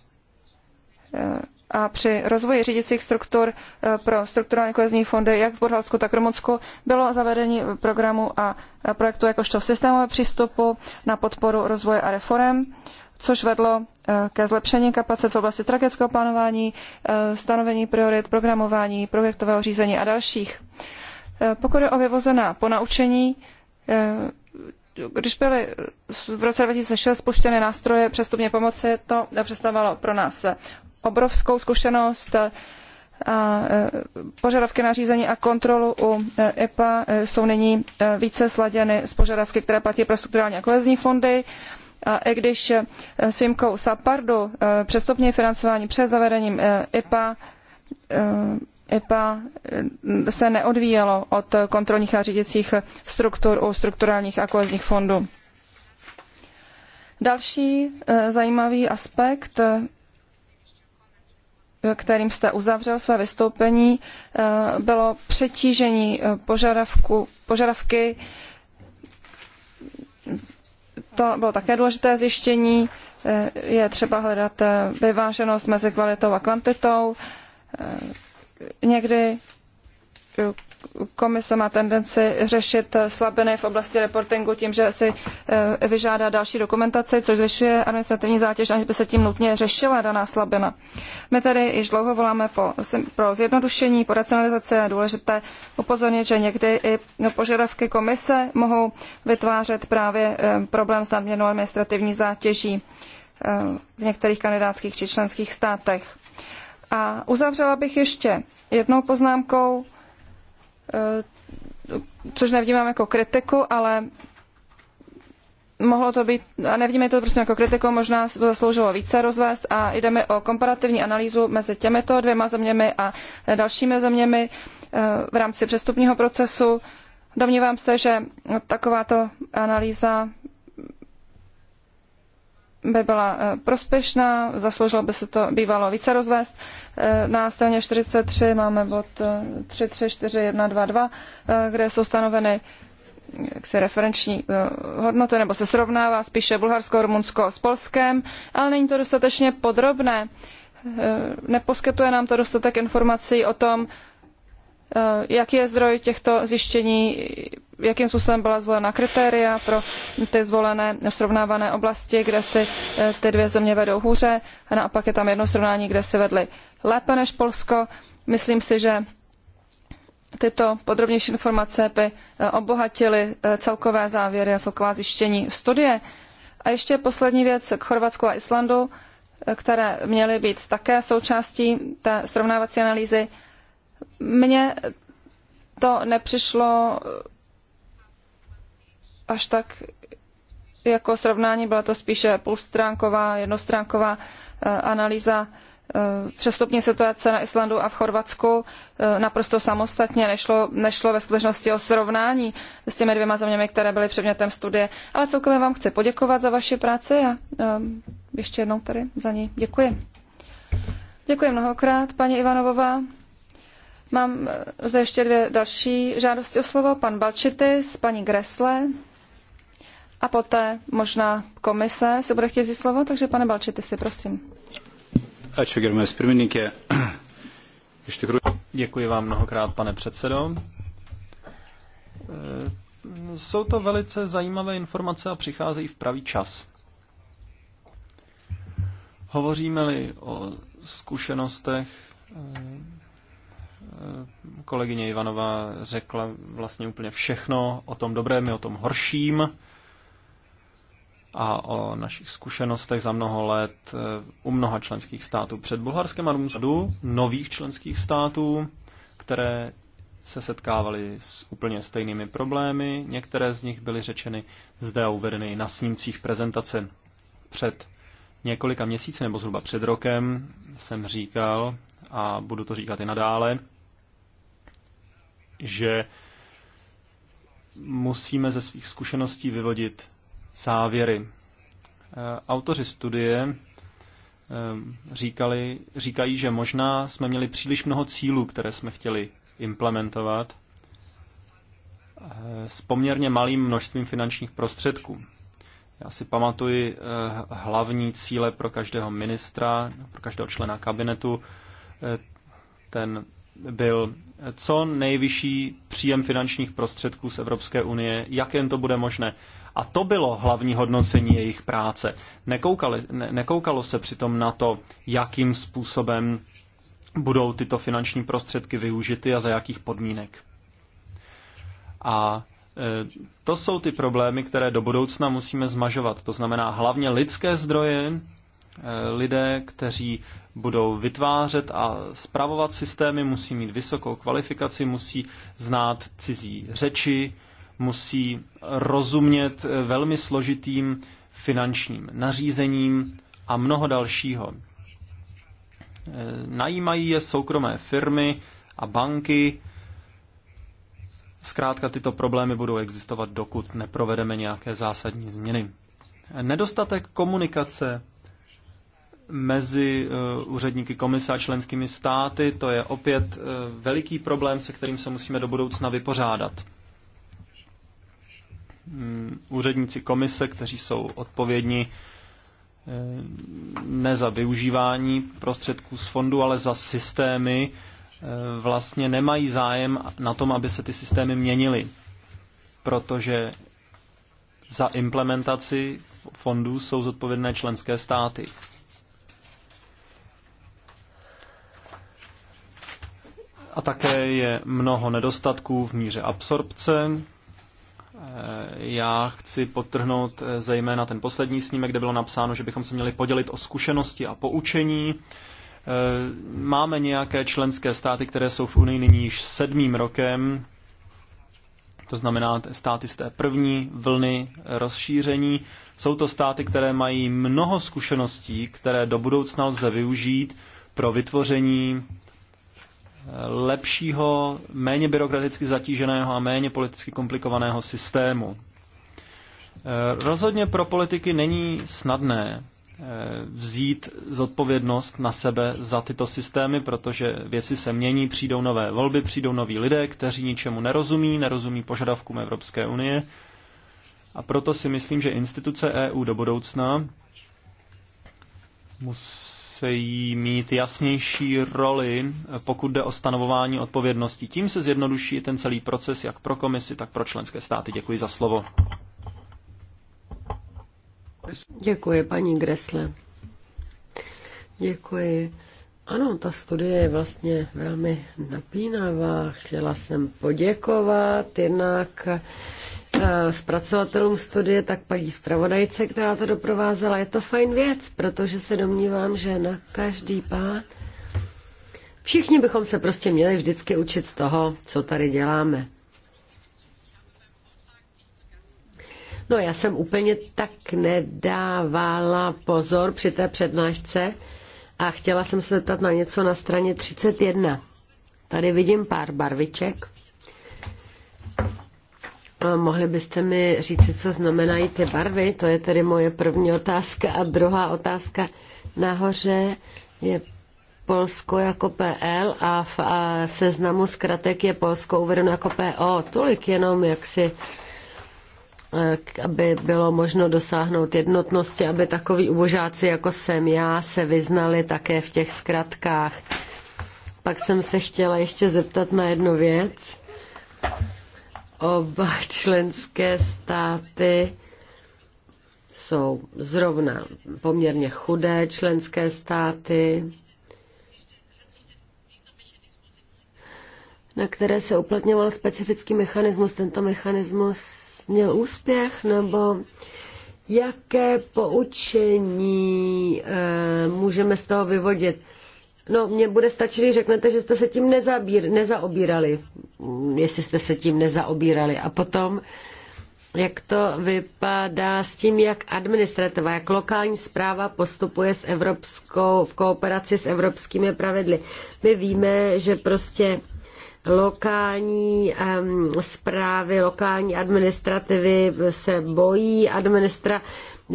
a při rozvoji řídicích struktur eh, pro strukturální kohezní fondy jak v Bulharsku, tak v Rumunsku bylo zavedení programu a projektu jakožto systémové přístupu na podporu rozvoje a reform což vedlo eh, ke zlepšení kapacit v oblasti strategického plánování, eh, stanovení priorit, programování, projektového řízení a dalších. Pokud je o vyvozená ponaučení, když byly v roce 2006 spuštěny nástroje přestupně pomoci, to představovalo pro nás obrovskou zkušenost a požadavky na řízení a kontrolu u EPA e e, jsou nyní e, více sladěny s požadavky, které platí pro strukturální a kohezní fondy. A i když s výjimkou SAPARDu přestupní financování před zavedením EPA EPA se neodvíjelo od kontrolních a řídicích struktur u strukturálních a kohezních fondů. Další zajímavý aspekt kterým jste uzavřel své vystoupení, eh, bylo přetížení eh, požadavku, požadavky. To bylo také důležité zjištění. Eh, je třeba hledat vyváženost mezi kvalitou a kvantitou. Někdy komise má tendenci řešit slabiny v oblasti reportingu tím, že si eh, vyžádá další dokumentaci, což zvyšuje administrativní zátěž, aniž by se tím nutně řešila daná slabina. My tedy již dlouho voláme po, pro zjednodušení, po racionalizaci a důležité upozornit, že někdy i požadavky komise mohou vytvářet právě eh, problém s nadměrnou administrativní zátěží eh, v některých kandidátských či členských státech. A uzavřela bych ještě jednou poznámkou, Eh, což nevnímám jako kritiku, ale mohlo to být, a nevnímej to prostě jako kritiku, možná se to zasloužilo více rozvést a jdeme o komparativní analýzu mezi těmito dvěma zeměmi a dalšími zeměmi eh, v rámci přestupního procesu. Domnívám se, že takováto analýza by byla eh, prospěšná, zasloužilo by se to bývalo více rozvést. Eh, na straně 43 máme bod 334122, eh, kde jsou stanoveny jak se referenční hodnoty, nebo se srovnává spíše Bulharsko, Rumunsko s Polskem, ale není to dostatečně podrobné. Neposkytuje nám to dostatek informací o tom, Eh, jaký je zdroj těchto zjištění, jakým způsobem byla zvolena kritéria pro ty zvolené srovnávané oblasti, kde si eh, ty dvě země vedou hůře a naopak je tam jedno srovnání, kde si vedly lépe než Polsko. Myslím si, že tyto podrobnější informace by eh, obohatily celkové závěry a celková zjištění studie. A ještě poslední věc k Chorvatsku a Islandu, které měly být také součástí té srovnávací analýzy. Mně to nepřišlo až tak jako srovnání, byla to spíše půlstránková, jednostránková eh, analýza eh, přestupní situace na Islandu a v Chorvatsku eh, naprosto samostatně. Nešlo, nešlo ve skutečnosti o srovnání s těmi dvěma zeměmi, které byly předmětem studie. Ale celkově vám chci poděkovat za vaši práci a ehm, ještě jednou tady za ní děkuji. Děkuji mnohokrát, paní Ivanovová. Mám eh, zde ještě dvě další žádosti o slovo. Pan Balčity s paní Gresle a poté možná komise si bude chtět vzít slovo, takže pane Balčity si prosím. Ačiū, gerbiamas pirmininkė. Iš Děkuji vám mnohokrát, pane předsedo. Eh, jsou to velice zajímavé informace a přicházejí v pravý čas. Hovoříme-li o zkušenostech eh, Eh, kolegyně Ivanová řekla vlastně úplně všechno o tom dobrém i o tom horším a o našich zkušenostech za mnoho let eh, u mnoha členských států. Před Bulharskem a řadu nových členských států, které se setkávaly s úplně stejnými problémy. Některé z nich byly řečeny zde a uvedeny na snímcích prezentace. Před několika měsíci nebo zhruba před rokem jsem říkal, a budu to říkat i nadále, že musíme ze svých zkušeností vyvodit závěry. Eh, autoři studie eh, říkali, říkají, že možná jsme měli příliš mnoho cílů, které jsme chtěli implementovat eh, s poměrně malým množstvím finančních prostředků. Já si pamatuji hlavní cíle pro každého ministra, pro každého člena kabinetu. Ten byl co nejvyšší příjem finančních prostředků z Evropské unie, jak jen to bude možné. A to bylo hlavní hodnocení jejich práce. Nekoukali, ne, nekoukalo se přitom na to, jakým způsobem budou tyto finanční prostředky využity a za jakých podmínek. A e, to jsou ty problémy, které do budoucna musíme zmažovat. To znamená hlavně lidské zdroje, Eh, lidé, kteří budou vytvářet a spravovat systémy, musí mít vysokou kvalifikaci, musí znát cizí řeči, musí rozumět eh, velmi složitým finančním nařízením a mnoho dalšího. Eh, najímají je soukromé firmy a banky. Zkrátka tyto problémy budou existovat, dokud neprovedeme nějaké zásadní změny. Nedostatek komunikace mezi eh, úředníky komise a členskými státy. To je opět eh, veliký problém, se kterým se musíme do budoucna vypořádat. Mm, úředníci komise, kteří jsou odpovědní eh, ne za využívání prostředků z fondu, ale za systémy, vlastně nemají zájem na tom, aby se ty systémy měnily. Protože za implementaci fondů jsou zodpovědné členské státy. a také je mnoho nedostatků v míře absorpce. Já chci podtrhnout eh, zejména ten poslední snímek, kde bylo napsáno, že bychom se měli podělit o zkušenosti a poučení. Eh, máme nějaké členské státy, které jsou v Unii nyní již sedmým rokem, to znamená státy z té první vlny rozšíření. Jsou to státy, které mají mnoho zkušeností, které do budoucna lze využít pro vytvoření lepšího, méně byrokraticky zatíženého a méně politicky komplikovaného systému. E, rozhodně pro politiky není snadné e, vzít zodpovědnost na sebe za tyto systémy, protože věci se mění, přijdou nové volby, přijdou noví lidé, kteří ničemu nerozumí, nerozumí požadavkům Evropské unie. A proto si myslím, že instituce EU do budoucna musí musí mít jasnější roli, eh, pokud jde o stanovování odpovědnosti. Tím se zjednoduší ten celý proces jak pro komisi, tak pro členské státy. Děkuji za slovo. Děkuji, paní Gresle. Děkuji. Ano, ta studie je vlastně velmi napínavá. Chtěla jsem poděkovat jednak Eh, zpracovatelům studie, tak paní zpravodajce, která to doprovázela. Je to fajn věc, protože se domnívám, že na každý pád všichni bychom se prostě měli vždycky učit z toho, co tady děláme. No já jsem úplně tak nedávala pozor při té přednášce a chtěla jsem se zeptat na něco na straně 31. Tady vidím pár barviček. Mohli byste mi říct, co znamenají ty barvy? To je tedy moje první otázka. A druhá otázka nahoře je Polsko jako PL a v a seznamu zkratek je Polsko uvedeno jako PO. Tolik jenom, jak si eh, aby bylo možno dosáhnout jednotnosti, aby takoví ubožáci, jako jsem já, se vyznali také v těch zkratkách. Pak jsem se chtěla ještě zeptat na jednu věc oba členské státy jsou zrovna poměrně chudé členské státy, na které se uplatňoval specifický mechanismus. Tento mechanismus měl úspěch, nebo jaké poučení e, můžeme z toho vyvodit? No, mně bude stačit, když řeknete, že jste se tím nezabír, nezaobírali, mm, jestli jste se tím nezaobírali. A potom, jak to vypadá s tím, jak administrativa, jak lokální zpráva postupuje s evropskou, v kooperaci s evropskými pravidly. My víme, že prostě lokální um, zprávy, lokální administrativy se bojí administra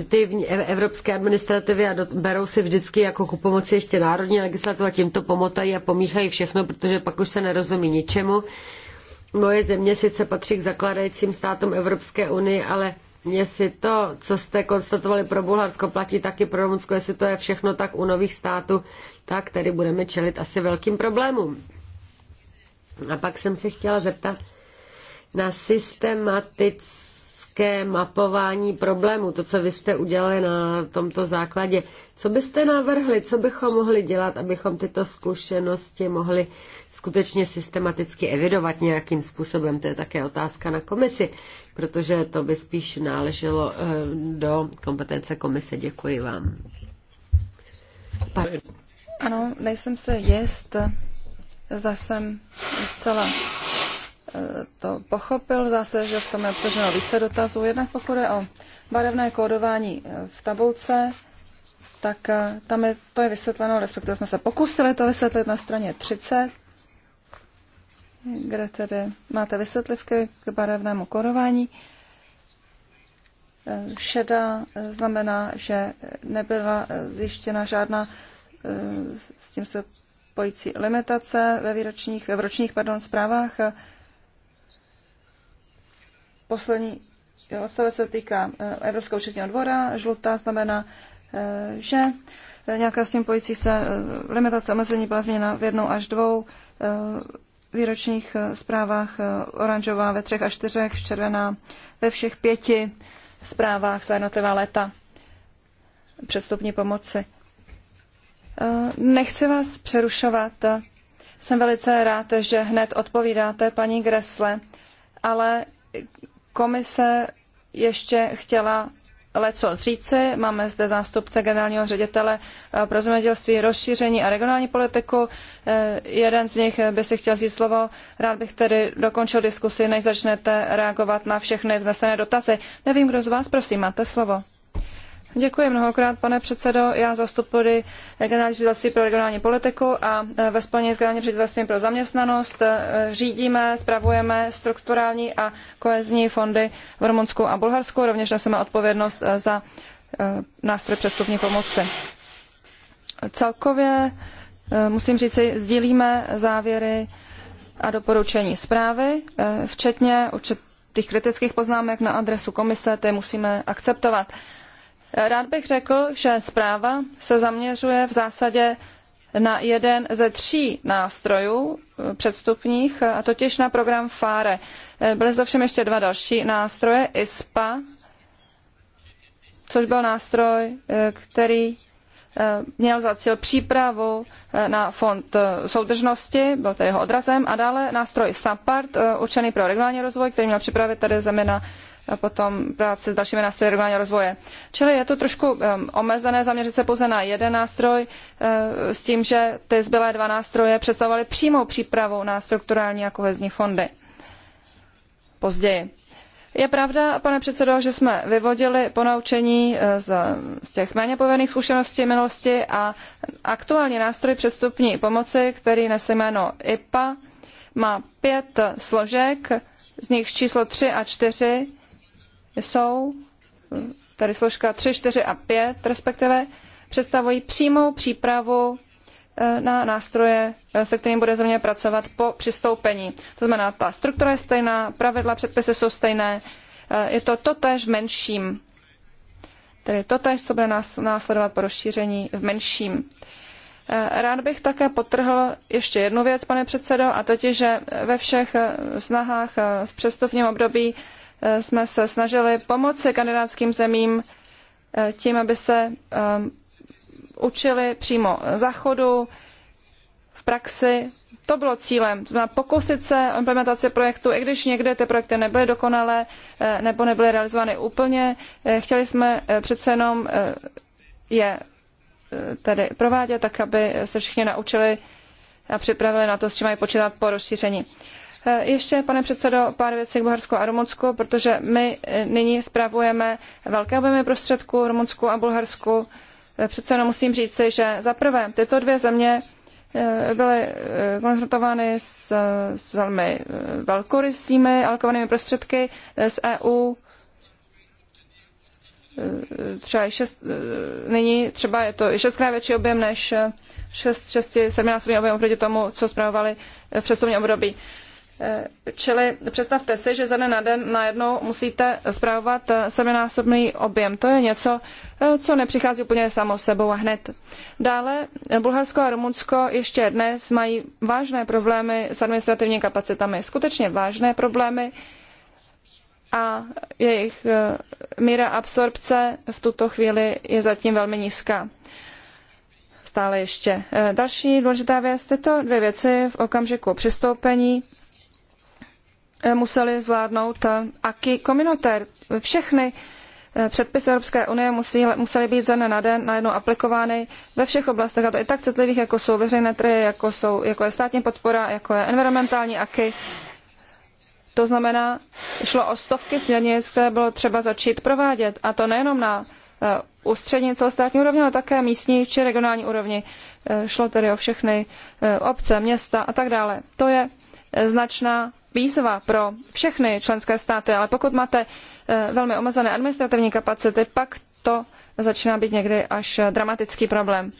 ty evropské administrativy a do, berou si vždycky jako ku pomoci ještě národní legislativu a tím to pomotají a pomíchají všechno, protože pak už se nerozumí ničemu. Moje země sice patří k zakládajícím státům Evropské unie, ale jestli to, co jste konstatovali pro Bulharsko, platí taky pro Rumunsko, jestli to je všechno tak u nových států, tak tady budeme čelit asi velkým problémům. A pak jsem se chtěla zeptat na systematické mapování problémů, to, co vy jste udělali na tomto základě. Co byste navrhli, co bychom mohli dělat, abychom tyto zkušenosti mohli skutečně systematicky evidovat nějakým způsobem? To je také otázka na komisi, protože to by spíš náleželo eh, do kompetence komise. Děkuji vám. Pa. Ano, nejsem se jest, Zda jsem zcela eh, to pochopil. Zase, že v tom je obsaženo více dotazů. Jednak pokud je o barevné kódování eh, v tabulce, tak eh, tam je, to je vysvětleno, respektive jsme se pokusili to vysvětlit na straně 30, kde tedy máte vysvětlivky k barevnému kódování. Šeda znamená, že nebyla zjištěna žádná, s tím se pojící limitace ve výročních, v ročních pardon, zprávách. Poslední odstavec se týká eh, Evropského účetního dvora. Žlutá znamená, eh, že eh, nějaká s tím pojící se limitace omezení byla změna v jednou až dvou výročních zprávách, oranžová ve třech až čtyřech, červená ve všech pěti zprávách za jednotlivá léta předstupní pomoci. Eh, nechci vás přerušovat. Jsem velice rád, že hned odpovídáte paní Gresle, ale komise ještě chtěla leco říci. Máme zde zástupce generálního ředitele eh, pro zemědělství, rozšíření a regionální politiku. Eh, jeden z nich by si chtěl říct slovo. Rád bych tedy dokončil diskusi, než začnete reagovat na všechny vznesené dotazy. Nevím, kdo z vás, prosím, máte slovo. Děkuji mnohokrát, pane předsedo. Já zastupuji generální ředitelství pro regionální politiku a e, ve spojení s generálním ředitelstvím pro zaměstnanost e, řídíme, spravujeme strukturální a kohezní fondy v Rumunsku a Bulharsku. Rovněž neseme odpovědnost e, za nástroj přestupní pomoci. Celkově musím říci, sdílíme závěry a doporučení zprávy, včetně určitých kritických poznámek na adresu komise, ty musíme akceptovat. Rád bych řekl, že zpráva se zaměřuje v zásadě na jeden ze tří nástrojů předstupních, a totiž na program FARE. Byly zde všem ještě dva další nástroje, ISPA, což byl nástroj, který eh, měl za cíl přípravu eh, na fond eh, soudržnosti, byl tedy jeho odrazem, a dále nástroj SAPART, určený pro regionální rozvoj, který měl připravit tady zemi na potom práce s dalšími nástroji regionálního rozvoje. Čili je to trošku um, omezené zaměřit se pouze na jeden nástroj uh, s tím, že ty zbylé dva nástroje představovaly přímou přípravu na strukturální a kohezní fondy později. Je pravda, pane předsedo, že jsme vyvodili ponaučení eh, z, z těch méně povedených zkušeností minulosti a aktuální nástroj přestupní pomoci, který nese jméno IPA, má pět složek, z nich číslo 3 a 4 jsou, tedy složka 3, 4 a 5 respektive, představují přímou přípravu eh, na nástroje, eh, se kterým bude země pracovat po přistoupení. To znamená, ta struktura je stejná, pravidla, předpisy jsou stejné, eh, je to totéž v menším. Tedy totéž, co bude následovat po rozšíření v menším. Rád bych také potrhl ještě jednu věc, pane předsedo, a totiž, že ve všech snahách v přestupním období Eh, jsme se snažili pomoci kandidátským zemím eh, tím, aby se eh, učili přímo záchodu v praxi. To bylo cílem, to znamená pokusit se o implementaci projektu, i když někde ty projekty nebyly dokonalé nebo nebyly realizovány úplně. Chtěli jsme přece jenom je tedy provádět, tak aby se všichni naučili a připravili na to, s čím mají počítat po rozšíření. Eh, ještě, pane předsedo, pár věcí k Bulharsku a Rumunsku, protože my eh, nyní spravujeme velké objemy prostředků Rumunsku a Bulharsku. Eh, přece jenom musím říci, že za prvé tyto dvě země byly konfrontovány s, s velmi velkorysými alokovanými prostředky z EU. Třeba šest, nyní třeba je to i šestkrát větší objem než šest 6 17 objem oproti tomu, co zpravovali v přesumní období. Eh, čili představte si, že ze dne na den najednou musíte zpravovat eh, seminásobný objem. To je něco, eh, co nepřichází úplně samo sebou a hned. Dále Bulharsko a Rumunsko ještě dnes mají vážné problémy s administrativní kapacitami. Skutečně vážné problémy a jejich míra absorpce v tuto chvíli je zatím velmi nízká stále ještě. Další důležitá věc, tyto dvě věci v okamžiku přistoupení Eh, museli zvládnout eh, aký communautaire. Všechny eh, předpisy Evropské unie musí, musely být ze dne na den najednou aplikovány ve všech oblastech, a to i tak citlivých, jako jsou veřejné trhy, jako, jsou, jako je státní podpora, jako je environmentální aky. To znamená, šlo o stovky směrnic, které bylo třeba začít provádět, a to nejenom na ústřední celostátní úrovni, ale také místní či regionální úrovni. Šlo tedy o všechny obce, města a tak dále. To je značná výzva pro všechny členské státy, ale pokud máte eh, velmi omezené administrativní kapacity, pak to začíná být někdy až dramatický problém.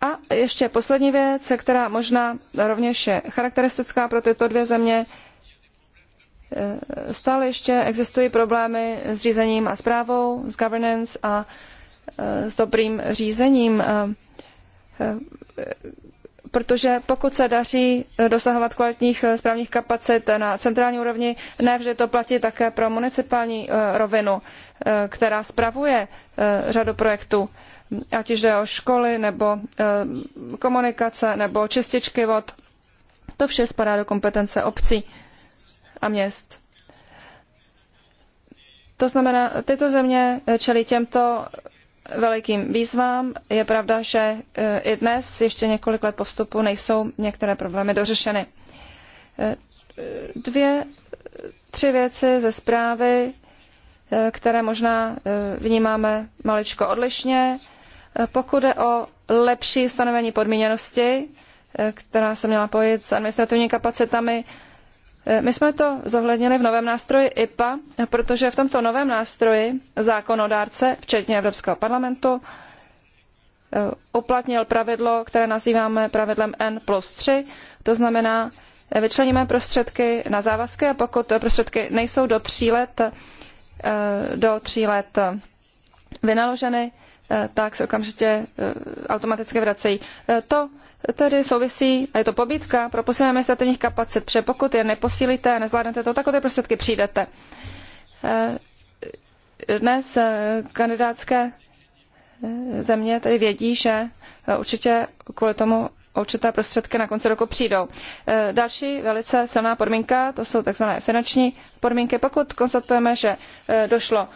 A ještě poslední věc, která možná rovněž je charakteristická pro tyto dvě země, eh, stále ještě existují problémy s řízením a zprávou, s governance a eh, s dobrým řízením protože pokud se daří eh, dosahovat kvalitních eh, správních kapacit eh, na centrální úrovni, ne vždy to platí také pro municipální rovinu, která spravuje řadu projektů, ať již jde o školy, nebo komunikace, nebo čističky vod. To vše spadá do kompetence obcí a měst. To znamená, tyto země čelí těmto velikým výzvám. Je pravda, že e, i dnes, ještě několik let po vstupu, nejsou některé problémy dořešeny. E, dvě, tři věci ze zprávy, e, které možná vnímáme maličko odlišně. Pokud je o lepší stanovení podmíněnosti, která se měla pojít s administrativními kapacitami, Eh, my jsme to zohlednili v novém nástroji IPA, protože v tomto novém nástroji zákonodárce, včetně Evropského parlamentu, eh, uplatnil pravidlo, které nazýváme pravidlem N plus 3, to znamená, eh, vyčleníme prostředky na závazky a pokud prostředky nejsou do tří let, do tří let vynaloženy, Eh, tak se okamžitě eh, automaticky vracejí. Eh, to tedy souvisí, a je to pobídka pro posílení administrativních kapacit, protože pokud je neposílíte a nezvládnete to, tak o ty prostředky přijdete. Dnes kandidátské země tedy vědí, že určitě kvůli tomu určité prostředky na konci roku přijdou. Další velice silná podmínka, to jsou tzv. finanční podmínky. Pokud konstatujeme, že došlo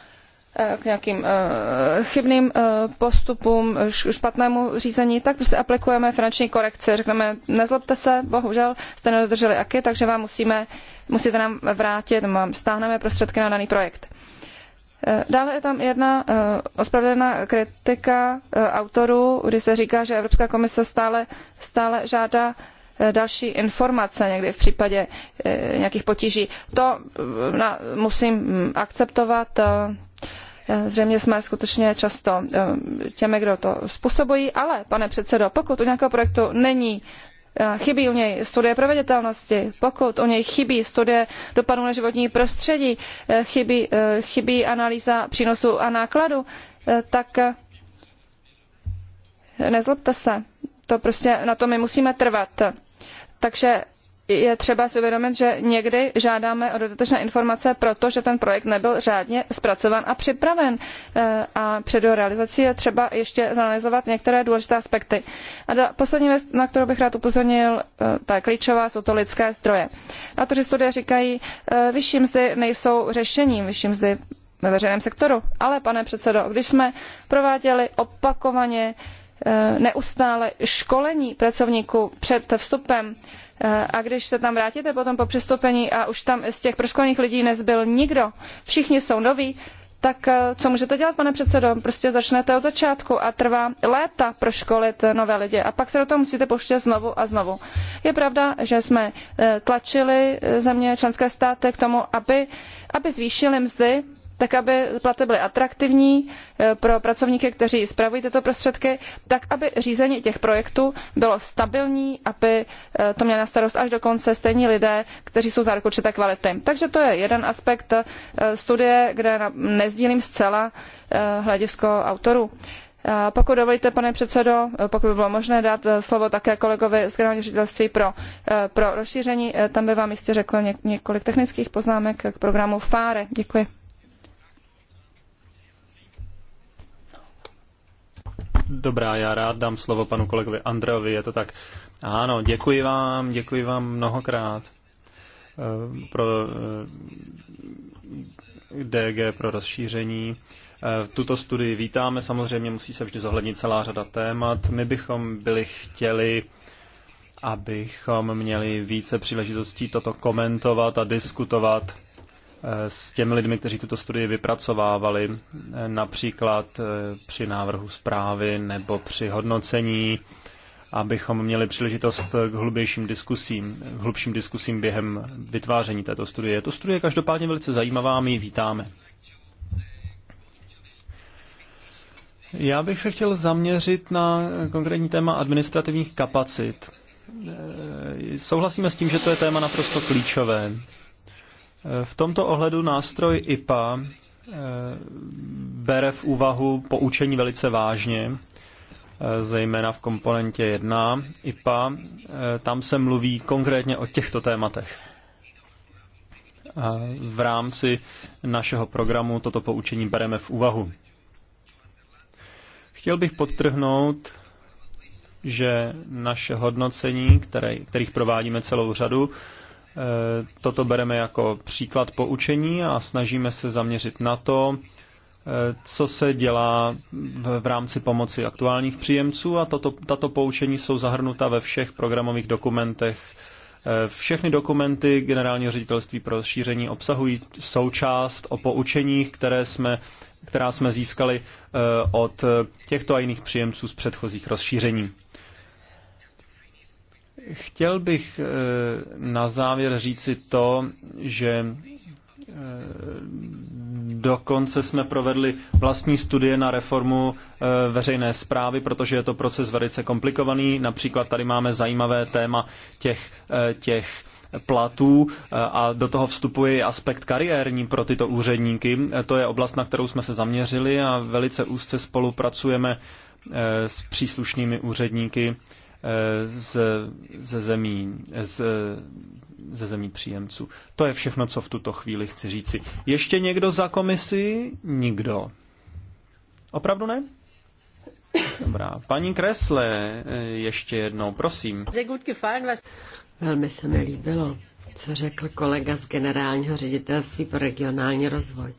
Eh, k nějakým eh, chybným eh, postupům, špatnému řízení, tak prostě aplikujeme finanční korekce. Řekneme, nezlobte se, bohužel jste nedodrželi aky, takže vám musíme, musíte nám vrátit, vám stáhneme prostředky na daný projekt. Dále je tam jedna ospravedlněná kritika autorů, kdy se říká, že Evropská komise stále, stále žádá Eh, další informace někdy v případě eh, nějakých potíží. To eh, musím akceptovat. Zřejmě jsme skutečně často těmi, kdo to způsobují, ale pane předsedo, pokud u nějakého projektu není chybí u něj studie proveditelnosti, pokud u něj chybí studie dopadů na životní prostředí, chybí, chybí analýza přínosu a nákladu, tak nezlobte se, to prostě na to my musíme trvat. Takže je třeba si uvědomit, že někdy žádáme o dodatečné informace, protože ten projekt nebyl řádně zpracován a připraven. Eh, a před jeho realizací je třeba ještě zanalizovat některé důležité aspekty. A poslední věc, na kterou bych rád upozornil, eh, ta je klíčová, jsou to lidské zdroje. A to, že studie říkají, eh, vyšší mzdy nejsou řešením, vyšší mzdy ve veřejném sektoru. Ale pane předsedo, když jsme prováděli opakovaně Eh, neustále školení pracovníků před vstupem eh, a když se tam vrátíte potom po přestoupení a už tam z těch proškolených lidí nezbyl nikdo, všichni jsou noví, tak eh, co můžete dělat, pane předsedo? Prostě začnete od začátku a trvá léta proškolit nové lidi a pak se do toho musíte pouštět znovu a znovu. Je pravda, že jsme tlačili země členské státy k tomu, aby, aby zvýšili mzdy tak aby platy byly atraktivní eh, pro pracovníky, kteří spravují tyto prostředky, tak aby řízení těch projektů bylo stabilní, aby eh, to měli na starost až do konce stejní lidé, kteří jsou zárukou určité kvality. Takže to je jeden aspekt eh, studie, kde nezdílím zcela hledisko autorů. Pokud dovolíte, pane předsedo, pokud by bylo možné dát slovo také kolegovi z generálního ředitelství pro, pro rozšíření, tam by vám jistě řekl několik technických poznámek k programu FARE. Děkuji. Dobrá, já rád dám slovo panu kolegovi Androvi, je to tak. Ano, děkuji vám, děkuji vám mnohokrát eh, pro eh, DG pro rozšíření. Eh, tuto studii vítáme, samozřejmě musí se vždy zohlednit celá řada témat. My bychom byli chtěli, abychom měli více příležitostí toto komentovat a diskutovat s těmi lidmi, kteří tuto studii vypracovávali, například eh, při návrhu zprávy nebo při hodnocení, abychom měli příležitost k hlubějším diskusím, k hlubším diskusím během vytváření této studie. to studie každopádně velice zajímavá, my ji vítáme. Já bych se chtěl zaměřit na konkrétní téma administrativních kapacit. Eh, souhlasíme s tím, že to je téma naprosto klíčové. V tomto ohledu nástroj IPA eh, bere v úvahu poučení velice vážně, eh, zejména v komponentě 1 IPA. Eh, tam se mluví konkrétně o těchto tématech. A v rámci našeho programu toto poučení bereme v úvahu. Chtěl bych podtrhnout, že naše hodnocení, které, kterých provádíme celou řadu, Eh, toto bereme jako příklad poučení a snažíme se zaměřit na to, eh, co se dělá v rámci pomoci aktuálních příjemců a toto tato poučení jsou zahrnuta ve všech programových dokumentech. Eh, všechny dokumenty Generálního ředitelství pro šíření obsahují součást o poučeních, které jsme, která jsme získali od těchto a jiných příjemců z předchozích rozšíření. Chtěl bych eh, na závěr říci to, že eh, Dokonce jsme provedli vlastní studie na reformu eh, veřejné zprávy, protože je to proces velice komplikovaný. Například tady máme zajímavé téma těch, těch platů a do toho vstupuje i aspekt kariérní pro tyto úředníky. To je oblast, na kterou jsme se zaměřili a velice úzce spolupracujeme s příslušnými úředníky Eh, z, ze, zemí, z, ze zemí příjemců. To je všechno, co v tuto chvíli chci říci. Ještě někdo za komisi? Nikdo. Opravdu ne? Dobrá. Paní Kresle, eh, ještě jednou, prosím. Velmi se mi líbilo, co řekl kolega z generálního ředitelství pro regionální rozvoj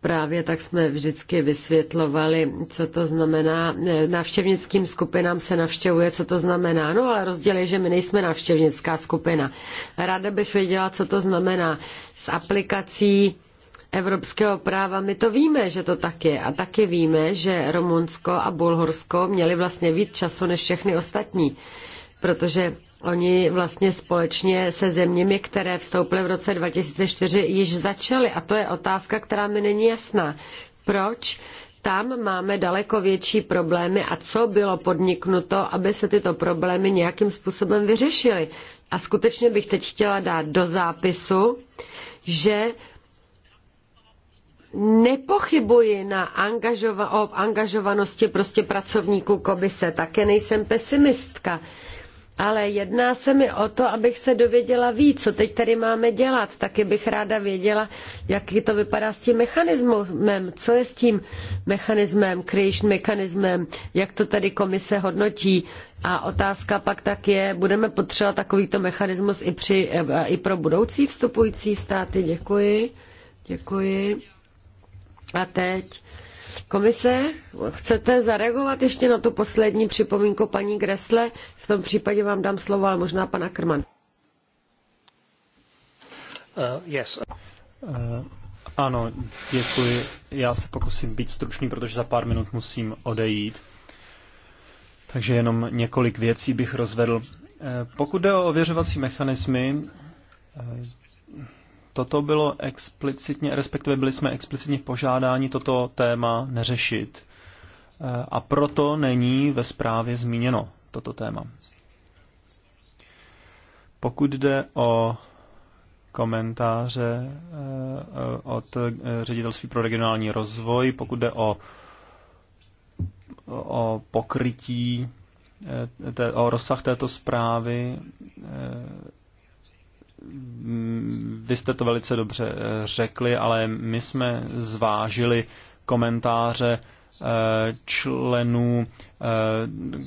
Právě tak jsme vždycky vysvětlovali, co to znamená. Navštěvnickým skupinám se navštěvuje, co to znamená. No ale rozdíl je, že my nejsme navštěvnická skupina. Ráda bych věděla, co to znamená. S aplikací evropského práva my to víme, že to tak je. A taky víme, že Rumunsko a Bulhorsko měli vlastně víc času než všechny ostatní protože Oni vlastně společně se zeměmi, které vstoupily v roce 2004, již začaly. A to je otázka, která mi není jasná. Proč tam máme daleko větší problémy a co bylo podniknuto, aby se tyto problémy nějakým způsobem vyřešily. A skutečně bych teď chtěla dát do zápisu, že nepochybuji na angažova- o angažovanosti prostě pracovníků komise. Také nejsem pesimistka ale jedná se mi o to, abych se dověděla víc, co teď tady máme dělat. Taky bych ráda věděla, jak to vypadá s tím mechanismem, co je s tím mechanismem, creation mechanismem, jak to tady komise hodnotí. A otázka pak tak je, budeme potřebovat takovýto mechanismus i, při, eh, i pro budoucí vstupující státy. Děkuji. Děkuji. A teď Komise, chcete zareagovat ještě na tu poslední připomínku paní Gresle? V tom případě vám dám slovo, ale možná pan Ackermann. Uh, yes. Uh, ano, děkuji. Já se pokusím být stručný, protože za pár minut musím odejít. Takže jenom několik věcí bych rozvedl. Uh, pokud jde o ověřovací mechanismy, uh, toto bylo explicitně, respektive byli jsme explicitně požádáni toto téma neřešit. E, a proto není ve zprávě zmíněno toto téma. Pokud jde o komentáře e, e, od ředitelství pro regionální rozvoj, pokud jde o, o pokrytí, o rozsah této zprávy, vy jste to velice dobře eh, řekli, ale my jsme zvážili komentáře eh, členů, eh,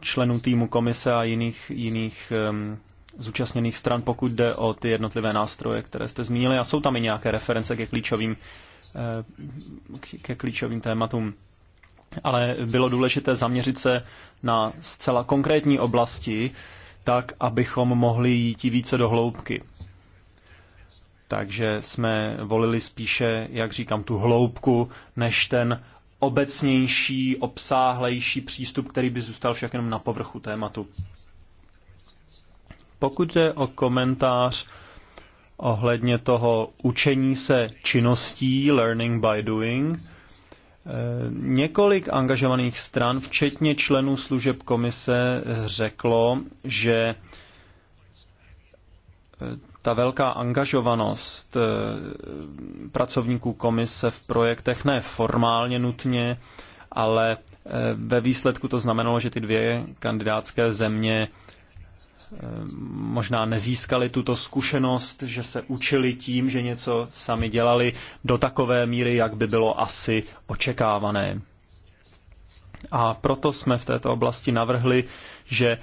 členů týmu komise a jiných, jiných ehm, zúčastněných stran, pokud jde o ty jednotlivé nástroje, které jste zmínili. A jsou tam i nějaké reference ke klíčovým, ke klíčovým tématům. Ale bylo důležité zaměřit se na zcela konkrétní oblasti, tak, abychom mohli jít více do hloubky. Takže jsme volili spíše, jak říkám, tu hloubku, než ten obecnější, obsáhlejší přístup, který by zůstal však jenom na povrchu tématu. Pokud jde o komentář ohledně toho učení se činností, learning by doing, Několik angažovaných stran, včetně členů služeb komise, řeklo, že eh, ta velká angažovanost eh, pracovníků komise v projektech ne formálně nutně, ale eh, ve výsledku to znamenalo, že ty dvě kandidátské země Eh, možná nezískali tuto zkušenost, že se učili tím, že něco sami dělali do takové míry, jak by bylo asi očekávané. A proto jsme v této oblasti navrhli, že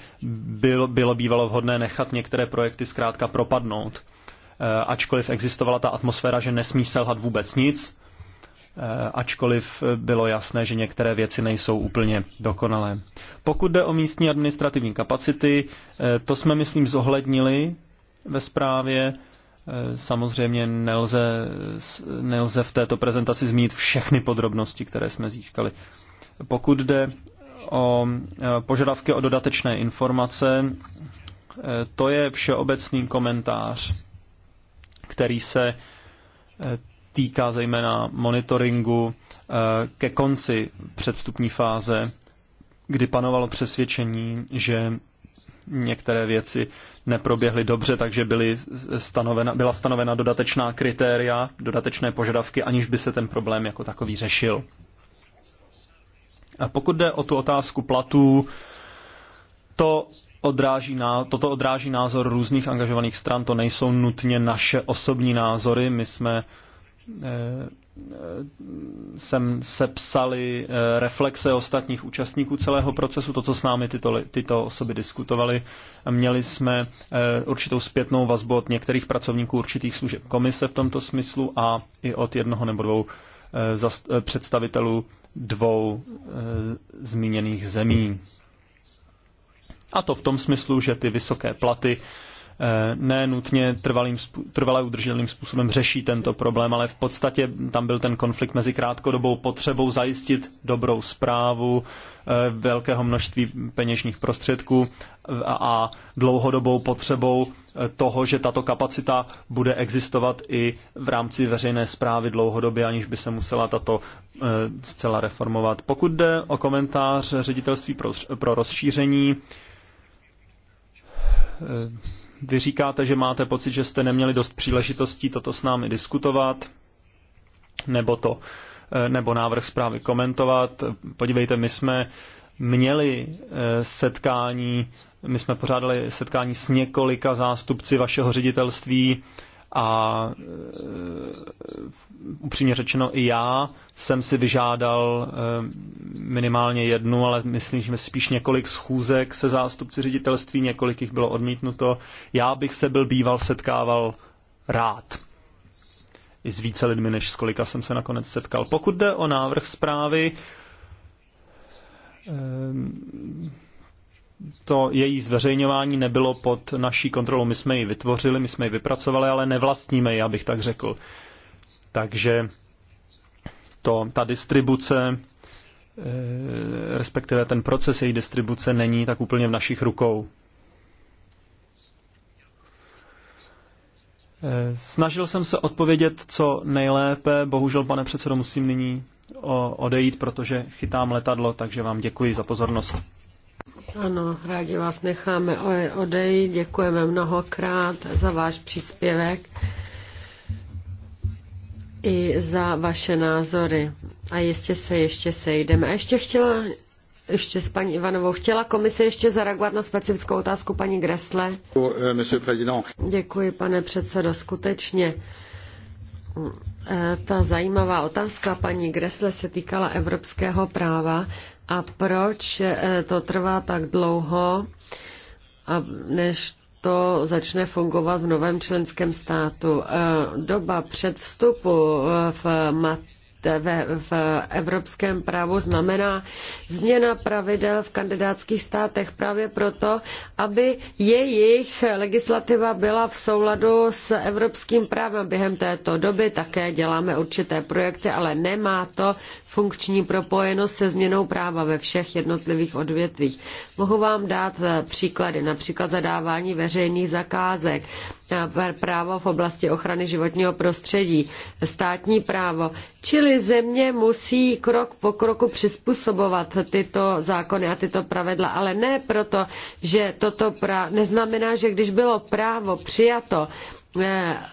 bylo, bylo bývalo vhodné nechat některé projekty zkrátka propadnout. Eh, ačkoliv existovala ta atmosféra, že nesmí selhat vůbec nic, Eh, ačkoliv bylo jasné, že některé věci nejsou úplně dokonalé. Pokud jde o místní administrativní kapacity, eh, to jsme, myslím, zohlednili ve zprávě. Eh, samozřejmě nelze, nelze v této prezentaci zmínit všechny podrobnosti, které jsme získali. Pokud jde o požadavky o dodatečné informace, to je všeobecný komentář, který se týká zejména monitoringu eh, ke konci předstupní fáze, kdy panovalo přesvědčení, že některé věci neproběhly dobře, takže byly stanovena, byla stanovena dodatečná kritéria, dodatečné požadavky, aniž by se ten problém jako takový řešil. A pokud jde o tu otázku platů, to odráží ná, toto odráží názor různých angažovaných stran, to nejsou nutně naše osobní názory, my jsme Eh, eh, sem sepsali eh, reflexe ostatních účastníků celého procesu, to, co s námi tyto, tyto osoby diskutovali. Měli jsme určitou zpětnou vazbu od některých pracovníků určitých služeb komise v tomto smyslu a i od jednoho nebo dvou představitelů dvou zmíněných zemí. A to v tom smyslu, že ty vysoké platy Eh, ne nutně trvalým, trvalé udržitelným způsobem řeší tento problém, ale v podstatě tam byl ten konflikt mezi krátkodobou potřebou zajistit dobrou zprávu eh, velkého množství peněžních prostředků a dlouhodobou potřebou eh, toho, že tato kapacita bude existovat i v rámci veřejné zprávy dlouhodobě, aniž by se musela tato zcela reformovat. Pokud jde o komentář ředitelství pro rozšíření, vy říkáte, že máte pocit, že jste neměli dost příležitostí toto s námi diskutovat, nebo to, eh, nebo návrh zprávy komentovat. Podívejte, my jsme měli eh, setkání, my jsme pořádali setkání s několika zástupci vašeho ředitelství, a e, upřímně řečeno i já jsem si vyžádal e, minimálně jednu, ale myslím, že spíš několik schůzek se zástupci ředitelství, několik jich bylo odmítnuto. Já bych se byl býval setkával rád i s více lidmi, než s kolika jsem se nakonec setkal. Pokud jde o návrh zprávy, to její zveřejňování nebylo pod naší kontrolou. My jsme ji vytvořili, my jsme ji vypracovali, ale nevlastníme ji, abych tak řekl. Takže to, ta distribuce, eh, respektive ten proces její distribuce není tak úplně v našich rukou. Eh, snažil jsem se odpovědět co nejlépe, bohužel pane předsedo musím nyní odejít, protože chytám letadlo, takže vám děkuji za pozornost. Ano, rádi vás necháme odejít. Děkujeme mnohokrát za váš příspěvek i za vaše názory. A jistě se ještě sejdeme. A ještě chtěla, ještě s paní Ivanovou, chtěla komise ještě zareagovat na specifickou otázku paní Gresle? Děkuji, pane předsedo, skutečně. E, ta zajímavá otázka paní Gresle se týkala evropského práva a proč eh, to trvá tak dlouho, a než to začne fungovat v novém členském státu? Eh, doba před vstupu eh, v mat v evropském právu znamená změna pravidel v kandidátských státech právě proto, aby jejich legislativa byla v souladu s evropským právem. Během této doby také děláme určité projekty, ale nemá to funkční propojenost se změnou práva ve všech jednotlivých odvětvích. Mohu vám dát příklady, například zadávání veřejných zakázek právo v oblasti ochrany životního prostředí, státní právo. Čili země musí krok po kroku přizpůsobovat tyto zákony a tyto pravidla, ale ne proto, že toto pra... neznamená, že když bylo právo přijato,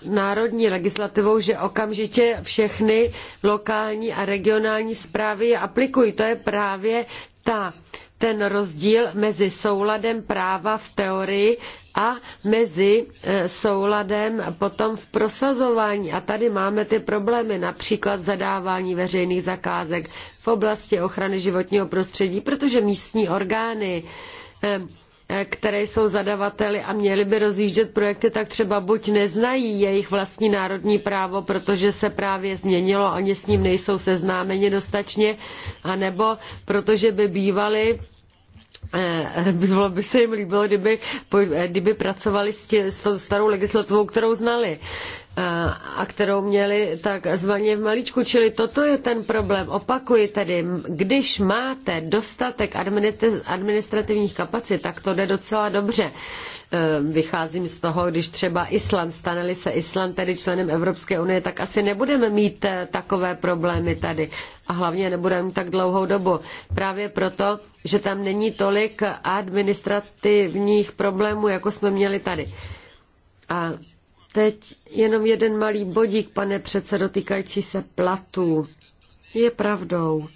národní legislativou, že okamžitě všechny lokální a regionální zprávy je aplikují. To je právě ta, ten rozdíl mezi souladem práva v teorii a mezi e, souladem potom v prosazování. A tady máme ty problémy, například zadávání veřejných zakázek v oblasti ochrany životního prostředí, protože místní orgány e, které jsou zadavateli a měli by rozjíždět projekty, tak třeba buď neznají jejich vlastní národní právo, protože se právě změnilo a oni s ním nejsou seznámeni dostačně, anebo protože by bývali eh, bylo by se jim líbilo, kdyby, eh, kdyby pracovali s, tě, s tou starou legislativou, kterou znali a kterou měli takzvaně v malíčku. Čili toto je ten problém. Opakuji tedy, když máte dostatek administrativních kapacit, tak to jde docela dobře. E, vycházím z toho, když třeba Island, staneli se Island tedy členem Evropské unie, tak asi nebudeme mít e, takové problémy tady. A hlavně nebudeme mít tak dlouhou dobu. Právě proto, že tam není tolik administrativních problémů, jako jsme měli tady. A Teď jenom jeden malý bodík, pane předsedo, týkající se platů. Je pravdou,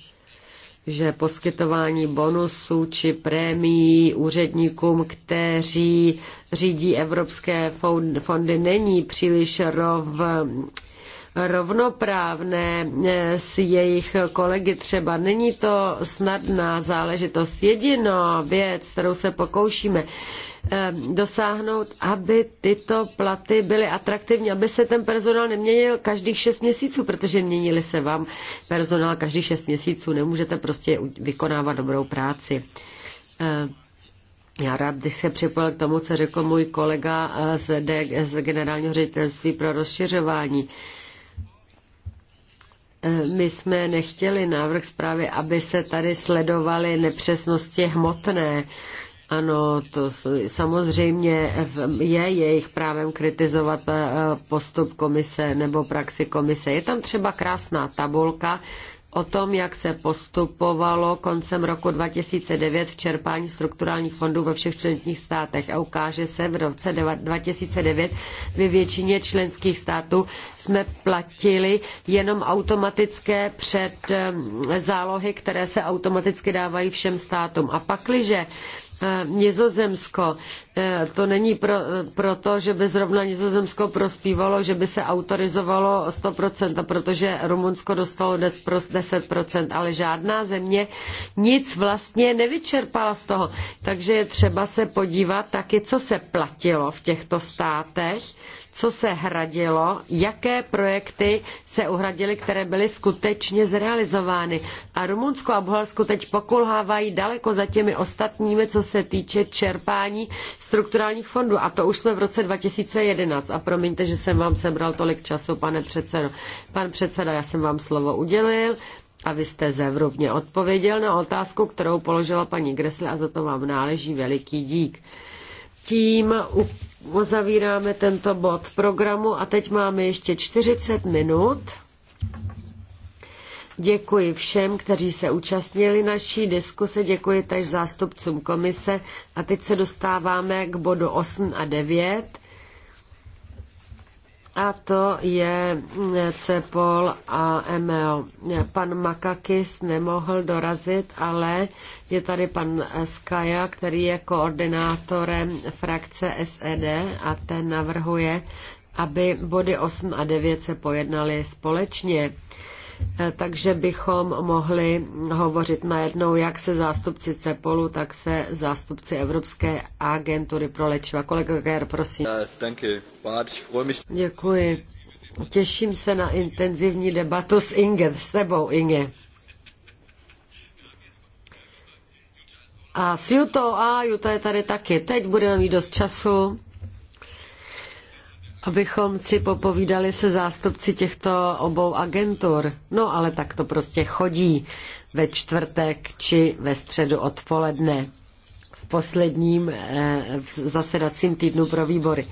že poskytování bonusů či prémií úředníkům, kteří řídí evropské fondy, není příliš rov, rovnoprávné eh, s jejich kolegy třeba. Není to snadná záležitost. Jediná věc, kterou se pokoušíme, Ehm, dosáhnout, aby tyto platy byly atraktivní, aby se ten personál neměnil každých šest měsíců, protože měnili se vám personál každých šest měsíců, nemůžete prostě vykonávat dobrou práci. Ehm, já rád bych se připojil k tomu, co řekl můj kolega eh, z, D- z generálního ředitelství pro rozšiřování. Ehm, my jsme nechtěli návrh zprávy, aby se tady sledovaly nepřesnosti hmotné. Ano, to samozřejmě je jejich právem kritizovat eh, postup komise nebo praxi komise. Je tam třeba krásná tabulka, o tom, jak se postupovalo koncem roku 2009 v čerpání strukturálních fondů ve všech členských státech. A ukáže se v roce 2009 ve většině členských států jsme platili jenom automatické před eh, zálohy, které se automaticky dávají všem státům. A pakliže Eh, Nizozemsko. Eh, to není pro, eh, proto, že by zrovna Nizozemsko prospívalo, že by se autorizovalo 100%, protože Rumunsko dostalo 10%, ale žádná země nic vlastně nevyčerpala z toho. Takže je třeba se podívat taky, co se platilo v těchto státech co se hradilo, jaké projekty se uhradily, které byly skutečně zrealizovány. A Rumunsko a Bulharsko teď pokulhávají daleko za těmi ostatními, co se týče čerpání strukturálních fondů. A to už jsme v roce 2011. A promiňte, že jsem vám sebral tolik času, pane předsedo. Pan předseda, já jsem vám slovo udělil. A vy jste zevrubně odpověděl na otázku, kterou položila paní Gresle a za to vám náleží veliký dík. Tím u uzavíráme tento bod programu a teď máme ještě 40 minut. Děkuji všem, kteří se účastnili naší diskuse, děkuji tež zástupcům komise a teď se dostáváme k bodu 8 a 9 a to je CEPOL a Emeo. Pan Makakis nemohl dorazit, ale je tady pan Skaja, který je koordinátorem frakce SED a ten navrhuje, aby body 8 a 9 se pojednaly společně. Eh, takže bychom mohli hovořit najednou jak se zástupci CEPOLu, tak se zástupci Evropské agentury pro léčiva. Kolega Ger, prosím. Děkuji. Těším se na intenzivní debatu s Inge, s sebou Inge. A s Juto, a Juta je tady taky. Teď budeme mít dost času abychom si popovídali se zástupci těchto obou agentur. No ale tak to prostě chodí ve čtvrtek či ve středu odpoledne v posledním eh, zasedacím týdnu pro výbory.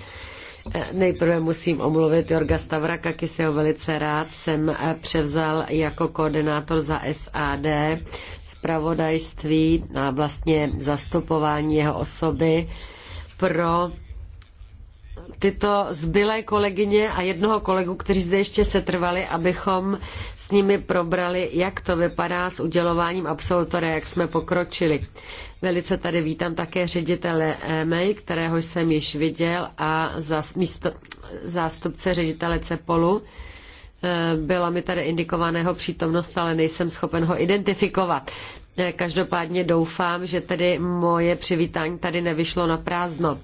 Eh, nejprve musím omluvit Jorga Stavraka, se ho velice rád jsem eh, převzal jako koordinátor za SAD zpravodajství a vlastně zastupování jeho osoby pro tyto zbylé kolegyně a jednoho kolegu, kteří zde ještě setrvali, abychom s nimi probrali, jak to vypadá s udělováním absolutora, jak jsme pokročili. Velice tady vítám také ředitele EMEI, kterého jsem již viděl, a zástupce ředitele CEPOLu. E, byla mi tady indikovaného jeho přítomnost, ale nejsem schopen ho identifikovat. E, každopádně doufám, že tedy moje přivítání tady nevyšlo na prázdno.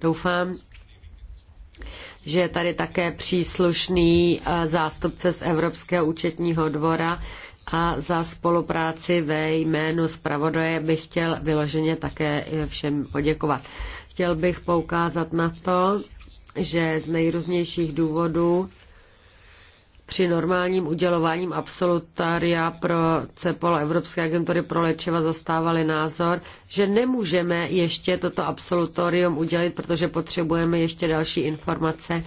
Doufám, že je tady také příslušný eh, zástupce z Evropského účetního dvora a za spolupráci ve jménu zpravodaje bych chtěl vyloženě také eh, všem poděkovat. Chtěl bych poukázat na to, že z nejrůznějších důvodů při normálním udělováním absolutaria pro CEPOL Evropské agentury pro léčiva zastávali názor, že nemůžeme ještě toto absolutorium udělit, protože potřebujeme ještě další informace.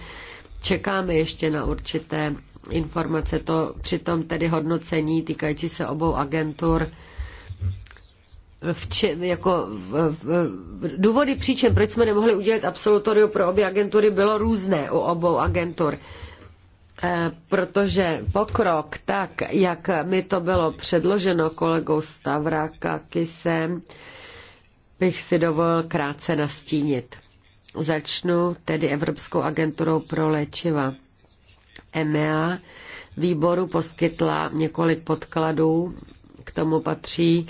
Čekáme ještě na určité informace. To přitom tedy hodnocení týkající se obou agentur v jako v, v, v, důvody příčem, proč jsme nemohli udělat absolutorium pro obě agentury, bylo různé u obou agentur. Eh, protože pokrok, tak jak mi to bylo předloženo kolegou Stavráka Kisem, bych si dovolil krátce nastínit. Začnu tedy Evropskou agenturou pro léčiva. EMEA výboru poskytla několik podkladů, k tomu patří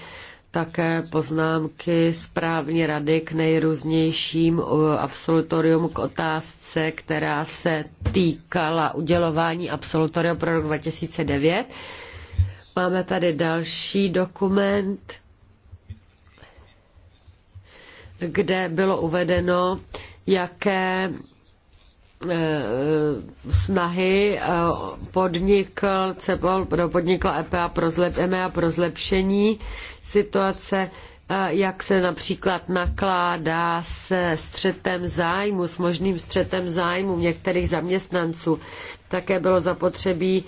také poznámky správní rady k nejrůznějším uh, absolutorium k otázce, která se týkala udělování absolutoria pro rok 2009. Máme tady další dokument, kde bylo uvedeno, jaké Eh, snahy eh, podnikl CEPOL, no, podnikla EPA pro, zlep, EMEA pro zlepšení situace, eh, jak se například nakládá se střetem zájmu, s možným střetem zájmu některých zaměstnanců. Také bylo zapotřebí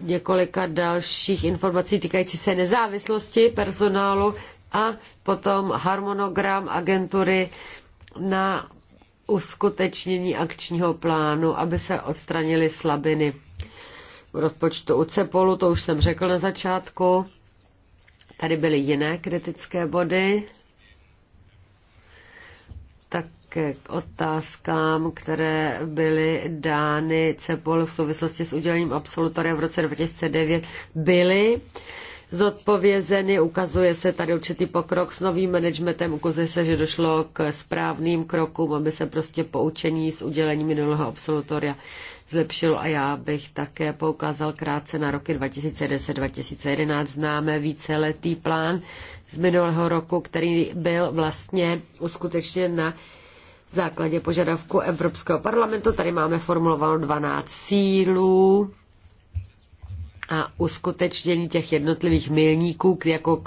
několika dalších informací týkající se nezávislosti personálu a potom harmonogram agentury na uskutečnění akčního plánu, aby se odstranily slabiny v rozpočtu u CEPOLu, to už jsem řekl na začátku. Tady byly jiné kritické body. Tak k otázkám, které byly dány Cepolu v souvislosti s udělením absolutoria v roce 2009, byly zodpovězeny. Ukazuje se tady určitý pokrok s novým managementem, ukazuje se, že došlo k správným krokům, aby se prostě poučení s udělením minulého absolutoria zlepšilo a já bych také poukázal krátce na roky 2010-2011. Známe víceletý plán z minulého roku, který byl vlastně uskutečněn na základě požadavku Evropského parlamentu. Tady máme formulovanou 12 cílů a uskutečnění těch jednotlivých milníků, jako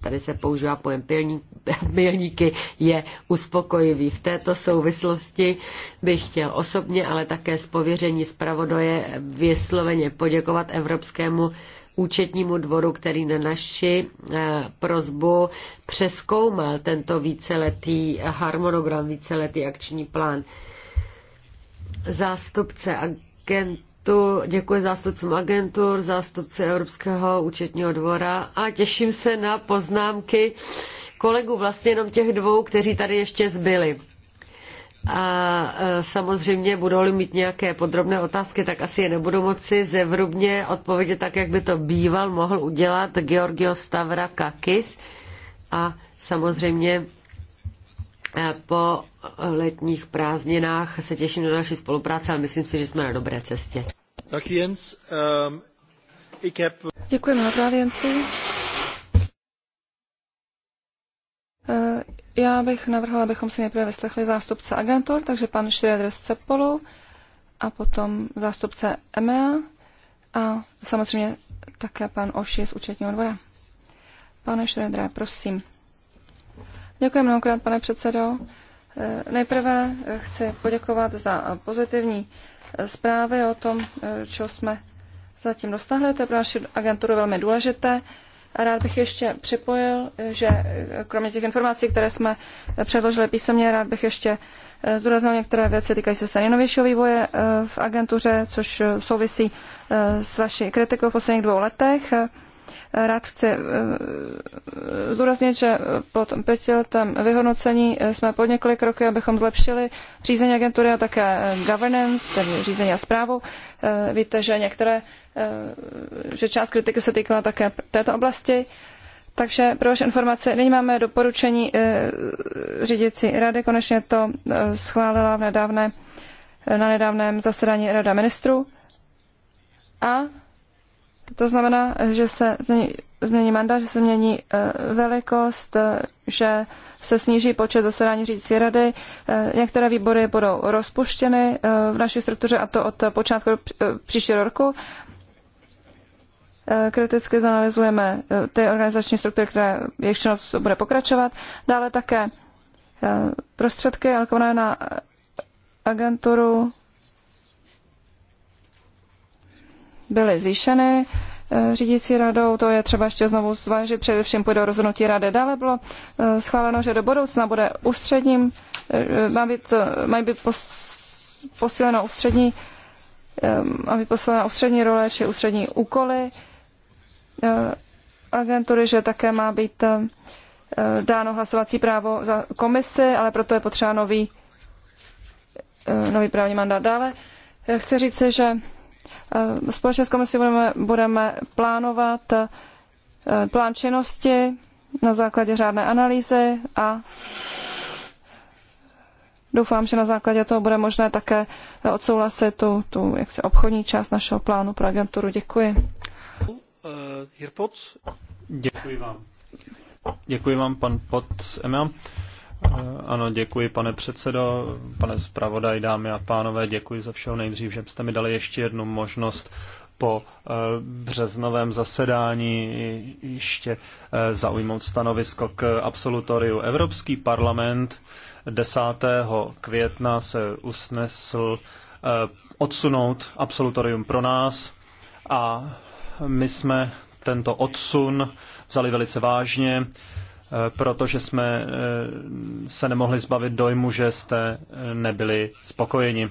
tady se používá pojem milníky, je uspokojivý. V této souvislosti bych chtěl osobně, ale také z pověření zpravodaje vysloveně poděkovat Evropskému účetnímu dvoru, který na naši eh, prozbu přeskoumal tento víceletý harmonogram, víceletý akční plán. Zástupce agent projektu, děkuji zástupcům agentur, zástupci Evropského účetního dvora a těším se na poznámky kolegů, vlastně jenom těch dvou, kteří tady ještě zbyli. A e, samozřejmě budou-li mít nějaké podrobné otázky, tak asi je nebudu moci zevrubně odpovědět tak, jak by to býval mohl udělat Georgios Kakis. A samozřejmě e, po letních prázdninách se těším na další spolupráce, ale myslím si, že jsme na dobré cestě. Jens. Ehm, Děkuji mnohokrát, Jensi. Eh, já bych navrhla, abychom si nejprve vyslechli zástupce agentur, takže pan Schroeder z Cepolu a potom zástupce EMEA a samozřejmě také pan Oši z účetního dvora. Pane Šredré, prosím. Děkuji mnohokrát, pane předsedo. Eh, nejprve chci poděkovat za pozitivní zprávy o tom, co eh, jsme zatím dosáhli. To je pro naši agenturu velmi důležité. A rád bych ještě připojil, že eh, kromě těch informací, které jsme eh, předložili písemně, rád bych ještě zdůraznil některé věci týkají se nejnovějšího vývoje v agentuře, což souvisí s vaší kritikou v posledních dvou letech rád chci eh, zdůraznit, že po tom pětiletém vyhodnocení eh, jsme podnikli kroky, abychom zlepšili řízení agentury a také eh, governance, tedy řízení a zprávu. Víte, že některé, že část kritiky se týkala také této oblasti. Takže pro vaše informace, nyní máme doporučení řídící rady, konečně to schválila v nedávné, na nedávném zasedání Rada ministrů. A to znamená, že se změní mandát, že se změní eh, velikost, eh, že se sníží počet zasedání řídící rady. Eh, některé výbory budou rozpuštěny v naší struktuře a to od počátku příštího roku. Kriticky zanalizujeme ty organizační struktury, které ještě noc bude pokračovat. Dále také prostředky alokované na agenturu byly zvýšeny eh, řídící radou, to je třeba ještě znovu zvážit, především půjde o rozhodnutí rady. Dále bylo eh, schváleno, že do budoucna bude ústředním, eh, má být, mají být posíleno ústřední, má být posílena ústřední role či ústřední úkoly agentury, že také má být dáno hlasovací právo za komisi, ale proto je potřeba nový, nový právní mandát. Dále chci říci, že Eh, společně s komisí budeme, budeme plánovat eh, plán činnosti na základě řádné analýzy a doufám, že na základě toho bude možné také eh, odsouhlasit tu, tu jaksi obchodní část našeho plánu pro agenturu. Děkuji. Děkuji vám. Děkuji vám, pan Pot Emel. Eh, ano, děkuji, pane předsedo, pane zpravodaj, dámy a pánové, děkuji za všeho nejdřív, že jste mi dali ještě jednu možnost po eh, březnovém zasedání ještě eh, zaujmout stanovisko k absolutoriu. Evropský parlament 10. května se usnesl odsunout absolutorium pro nás a my jsme tento odsun vzali velice vážně Eh, protože jsme eh, se nemohli zbavit dojmu, že jste eh, nebyli spokojeni.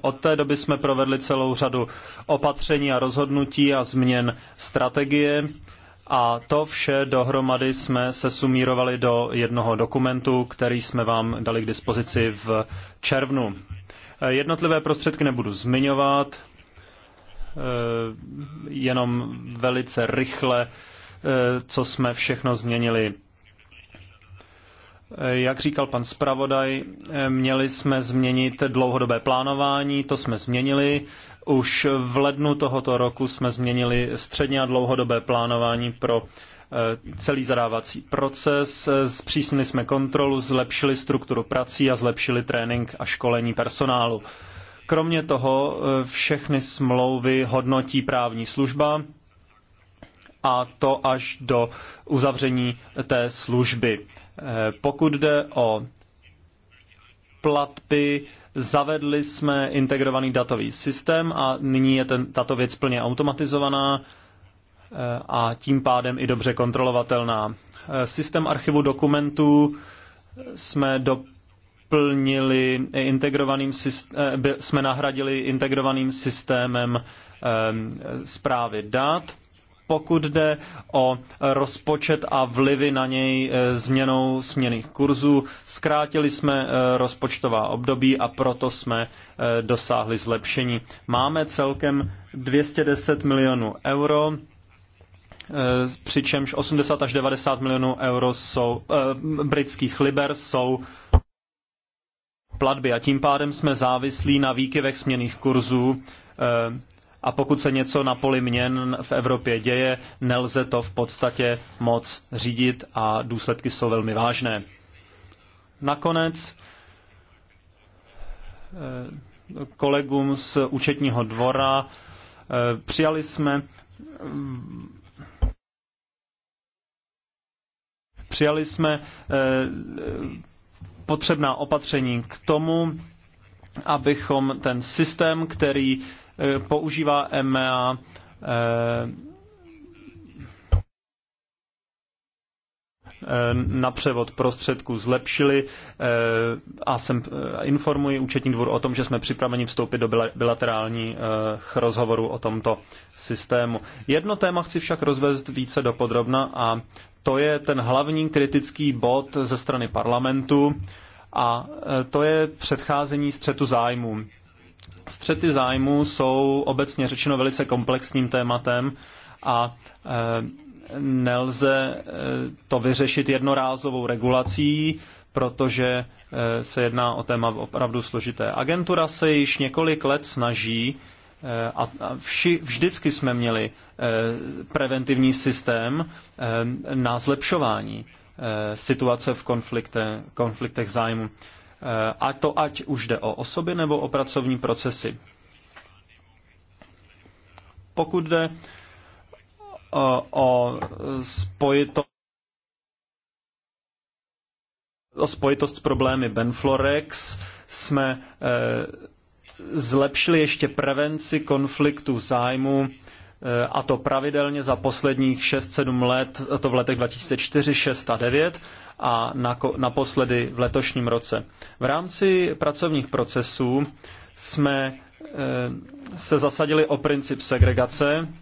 Od té doby jsme provedli celou řadu opatření a rozhodnutí a změn strategie a to vše dohromady jsme se sumírovali do jednoho dokumentu, který jsme vám dali k dispozici v červnu. Jednotlivé prostředky nebudu zmiňovat, jenom velice rychle Eh, co jsme všechno změnili. Eh, jak říkal pan zpravodaj, eh, měli jsme změnit dlouhodobé plánování, to jsme změnili. Už v lednu tohoto roku jsme změnili středně a dlouhodobé plánování pro celý zadávací proces, zpřísnili jsme kontrolu, zlepšili strukturu prací a zlepšili trénink a školení personálu. Kromě toho všechny smlouvy hodnotí právní služba a to až do uzavření té služby. Eh, pokud jde o platby, zavedli jsme integrovaný datový systém a nyní je ten, tato věc plně automatizovaná eh, a tím pádem i dobře kontrolovatelná. Eh, systém archivu dokumentů jsme do doplnili integrovaným systém, jsme nahradili integrovaným systémem zprávy dat pokud jde o rozpočet a vlivy na něj eh, změnou směných kurzů, zkrátili jsme eh, rozpočtová období a proto jsme eh, dosáhli zlepšení. Máme celkem 210 milionů euro, přičemž 80 až 90 milionů euro jsou, britských liber jsou platby a tím pádem jsme závislí na výkyvech směných kurzů a pokud se něco na poli měn v Evropě děje, nelze to v podstatě moc řídit a důsledky jsou velmi vážné. Nakonec eh, kolegům z účetního dvora eh, přijali jsme přijali jsme eh, potřebná opatření k tomu, abychom ten systém, který Eh, používá EMEA eh, eh, na převod prostředků zlepšili a jsem, informuji účetní dvůr o tom, že jsme připraveni vstoupit do bilaterálních rozhovorů o tomto systému. Jedno téma chci však rozvést více dopodrobna a to je ten hlavní kritický bod ze strany parlamentu a to je předcházení střetu zájmů. Střety zájmu jsou obecně řečeno velice komplexním tématem a eh, nelze eh, to vyřešit jednorázovou regulací, protože eh, se jedná o téma opravdu složité. Agentura se již několik let snaží a vždycky jsme měli preventivní systém na zlepšování situace v konflikte, konfliktech zájmu. Eh, a to ať už jde o osoby nebo o pracovní procesy. Pokud jde eh, o, o spojitost, o spojitost problémy Benflorex jsme e, zlepšili ještě prevenci konfliktu zájmu Eh, a to pravidelně za posledních 6-7 let, a to v letech 2004, 6 a 9 a naposledy v letošním roce. V rámci pracovních procesů jsme eh, se zasadili o princip segregace eh,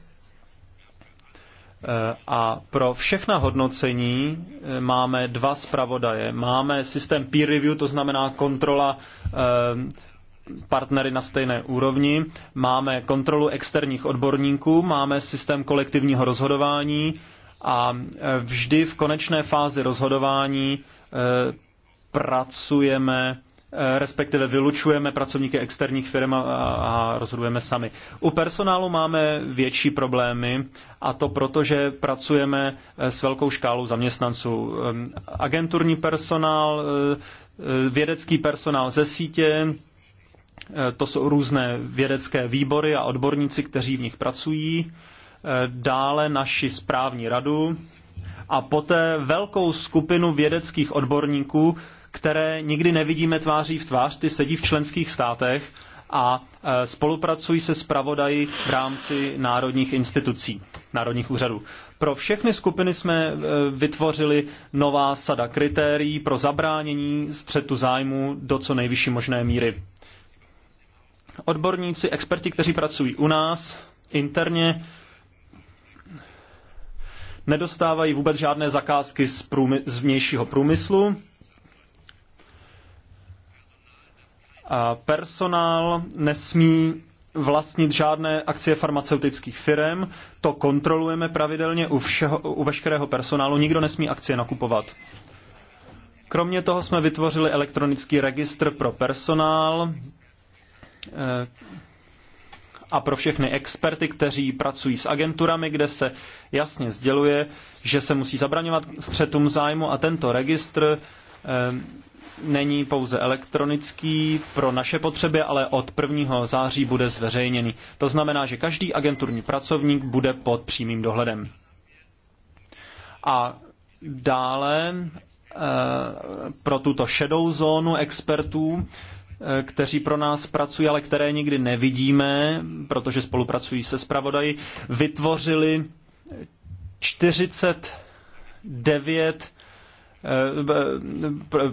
a pro všechna hodnocení máme dva zpravodaje. Máme systém peer review, to znamená kontrola partnery na stejné úrovni, máme kontrolu externích odborníků, máme systém kolektivního rozhodování a e, vždy v konečné fázi rozhodování e, pracujeme e, respektive vylučujeme pracovníky externích firm a, rozhodujeme sami. U personálu máme větší problémy a to proto, že pracujeme s velkou škálou zaměstnanců. Agenturní personál, vědecký personál ze sítě, Eh, to jsou různé vědecké výbory a odborníci, kteří v nich pracují. Eh, dále naši správní radu a poté velkou skupinu vědeckých odborníků, které nikdy nevidíme tváří v tvář, ty sedí v členských státech a eh, spolupracují se zpravodaji v rámci národních institucí, národních úřadů. Pro všechny skupiny jsme vytvořili nová sada kritérií pro zabránění střetu zájmů do co nejvyšší možné míry odborníci, experti, kteří pracují u nás interně, nedostávají vůbec žádné zakázky z, průmy, z vnějšího průmyslu. A personál nesmí vlastnit žádné akcie farmaceutických firm. To kontrolujeme pravidelně u, všeho, u veškerého personálu. Nikdo nesmí akcie nakupovat. Kromě toho jsme vytvořili elektronický registr pro personál, Eh, a pro všechny experty, kteří pracují s agenturami, kde se jasně sděluje, že se musí zabraňovat střetům zájmu a tento registr eh, není pouze elektronický pro naše potřeby, ale od 1. září bude zveřejněný. To znamená, že každý agenturní pracovník bude pod přímým dohledem. A dále eh, pro tuto šedou zónu expertů Eh, kteří pro nás pracují, ale které nikdy nevidíme, protože spolupracují se zpravodaji, vytvořili 49 eh,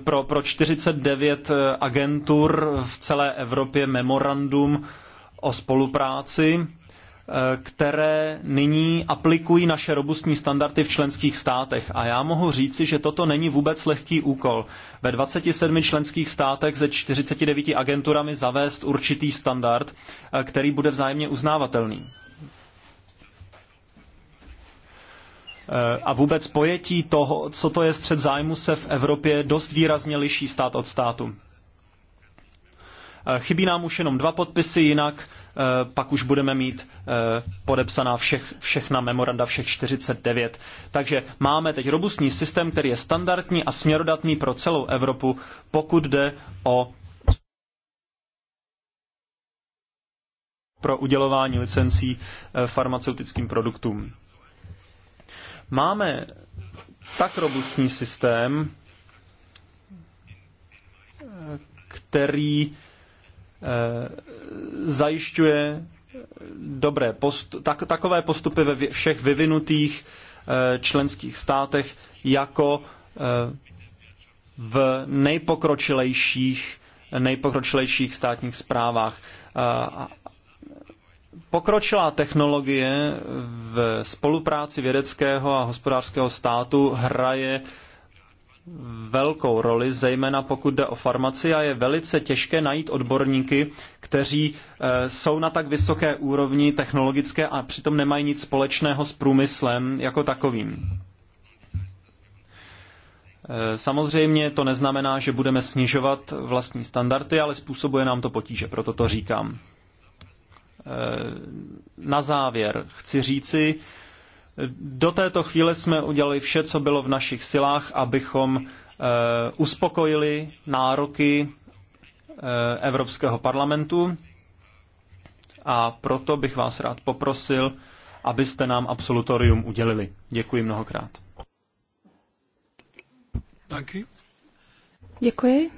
pro, pro 49 eh, agentur v celé Evropě memorandum o spolupráci Eh, které nyní aplikují naše robustní standardy v členských státech. A já mohu říci, že toto není vůbec lehký úkol. Ve 27 členských státech ze 49 agenturami zavést určitý standard, eh, který bude vzájemně uznávatelný. Eh, a vůbec pojetí toho, co to je střed zájmu, se v Evropě dost výrazně liší stát od státu. Eh, chybí nám už jenom dva podpisy, jinak eh, pak už budeme mít eh, podepsaná všech, všechna memoranda, všech 49. Takže máme teď robustní systém, který je standardní a směrodatný pro celou Evropu, pokud jde o pro udělování licencí farmaceutickým produktům. Máme tak robustní systém, který Eh, zajišťuje dobré post, tak, takové postupy ve všech vyvinutých eh, členských státech jako eh, v nejpokročilejších, nejpokročilejších státních zprávách. Pokročilá technologie v spolupráci vědeckého a hospodářského státu hraje velkou roli, zejména pokud jde o farmaci a je velice těžké najít odborníky, kteří eh, jsou na tak vysoké úrovni technologické a přitom nemají nic společného s průmyslem jako takovým. Eh, samozřejmě to neznamená, že budeme snižovat vlastní standardy, ale způsobuje nám to potíže, proto to říkám. Eh, na závěr chci říci, do této chvíle jsme udělali vše, co bylo v našich silách, abychom eh, uspokojili nároky eh, Evropského parlamentu a proto bych vás rád poprosil, abyste nám absolutorium udělili. Děkuji mnohokrát. Děkuji. Děkuji.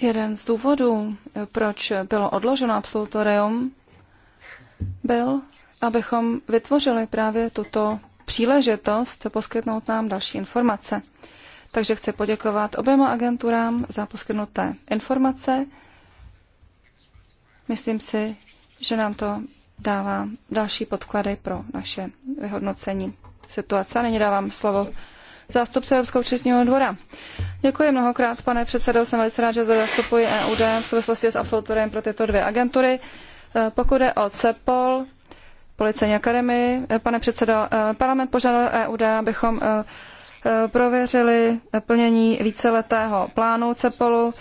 Jeden z důvodů, proč bylo odloženo absolutorium, byl, abychom vytvořili právě tuto příležitost poskytnout nám další informace. Takže chci poděkovat oběma agenturám za poskytnuté informace. Myslím si, že nám to dává další podklady pro naše vyhodnocení situace. nyní dávám slovo zástupce Evropského účetního dvora. Děkuji mnohokrát, pane předsedo. Jsem velice rád, že zastupuji EUD v souvislosti s absolutorem pro tyto dvě agentury. Pokud jde o CEPOL, Policejní akademii, pane předsedo, parlament požádal EUD, abychom e, e, prověřili plnění víceletého plánu CEPOLu.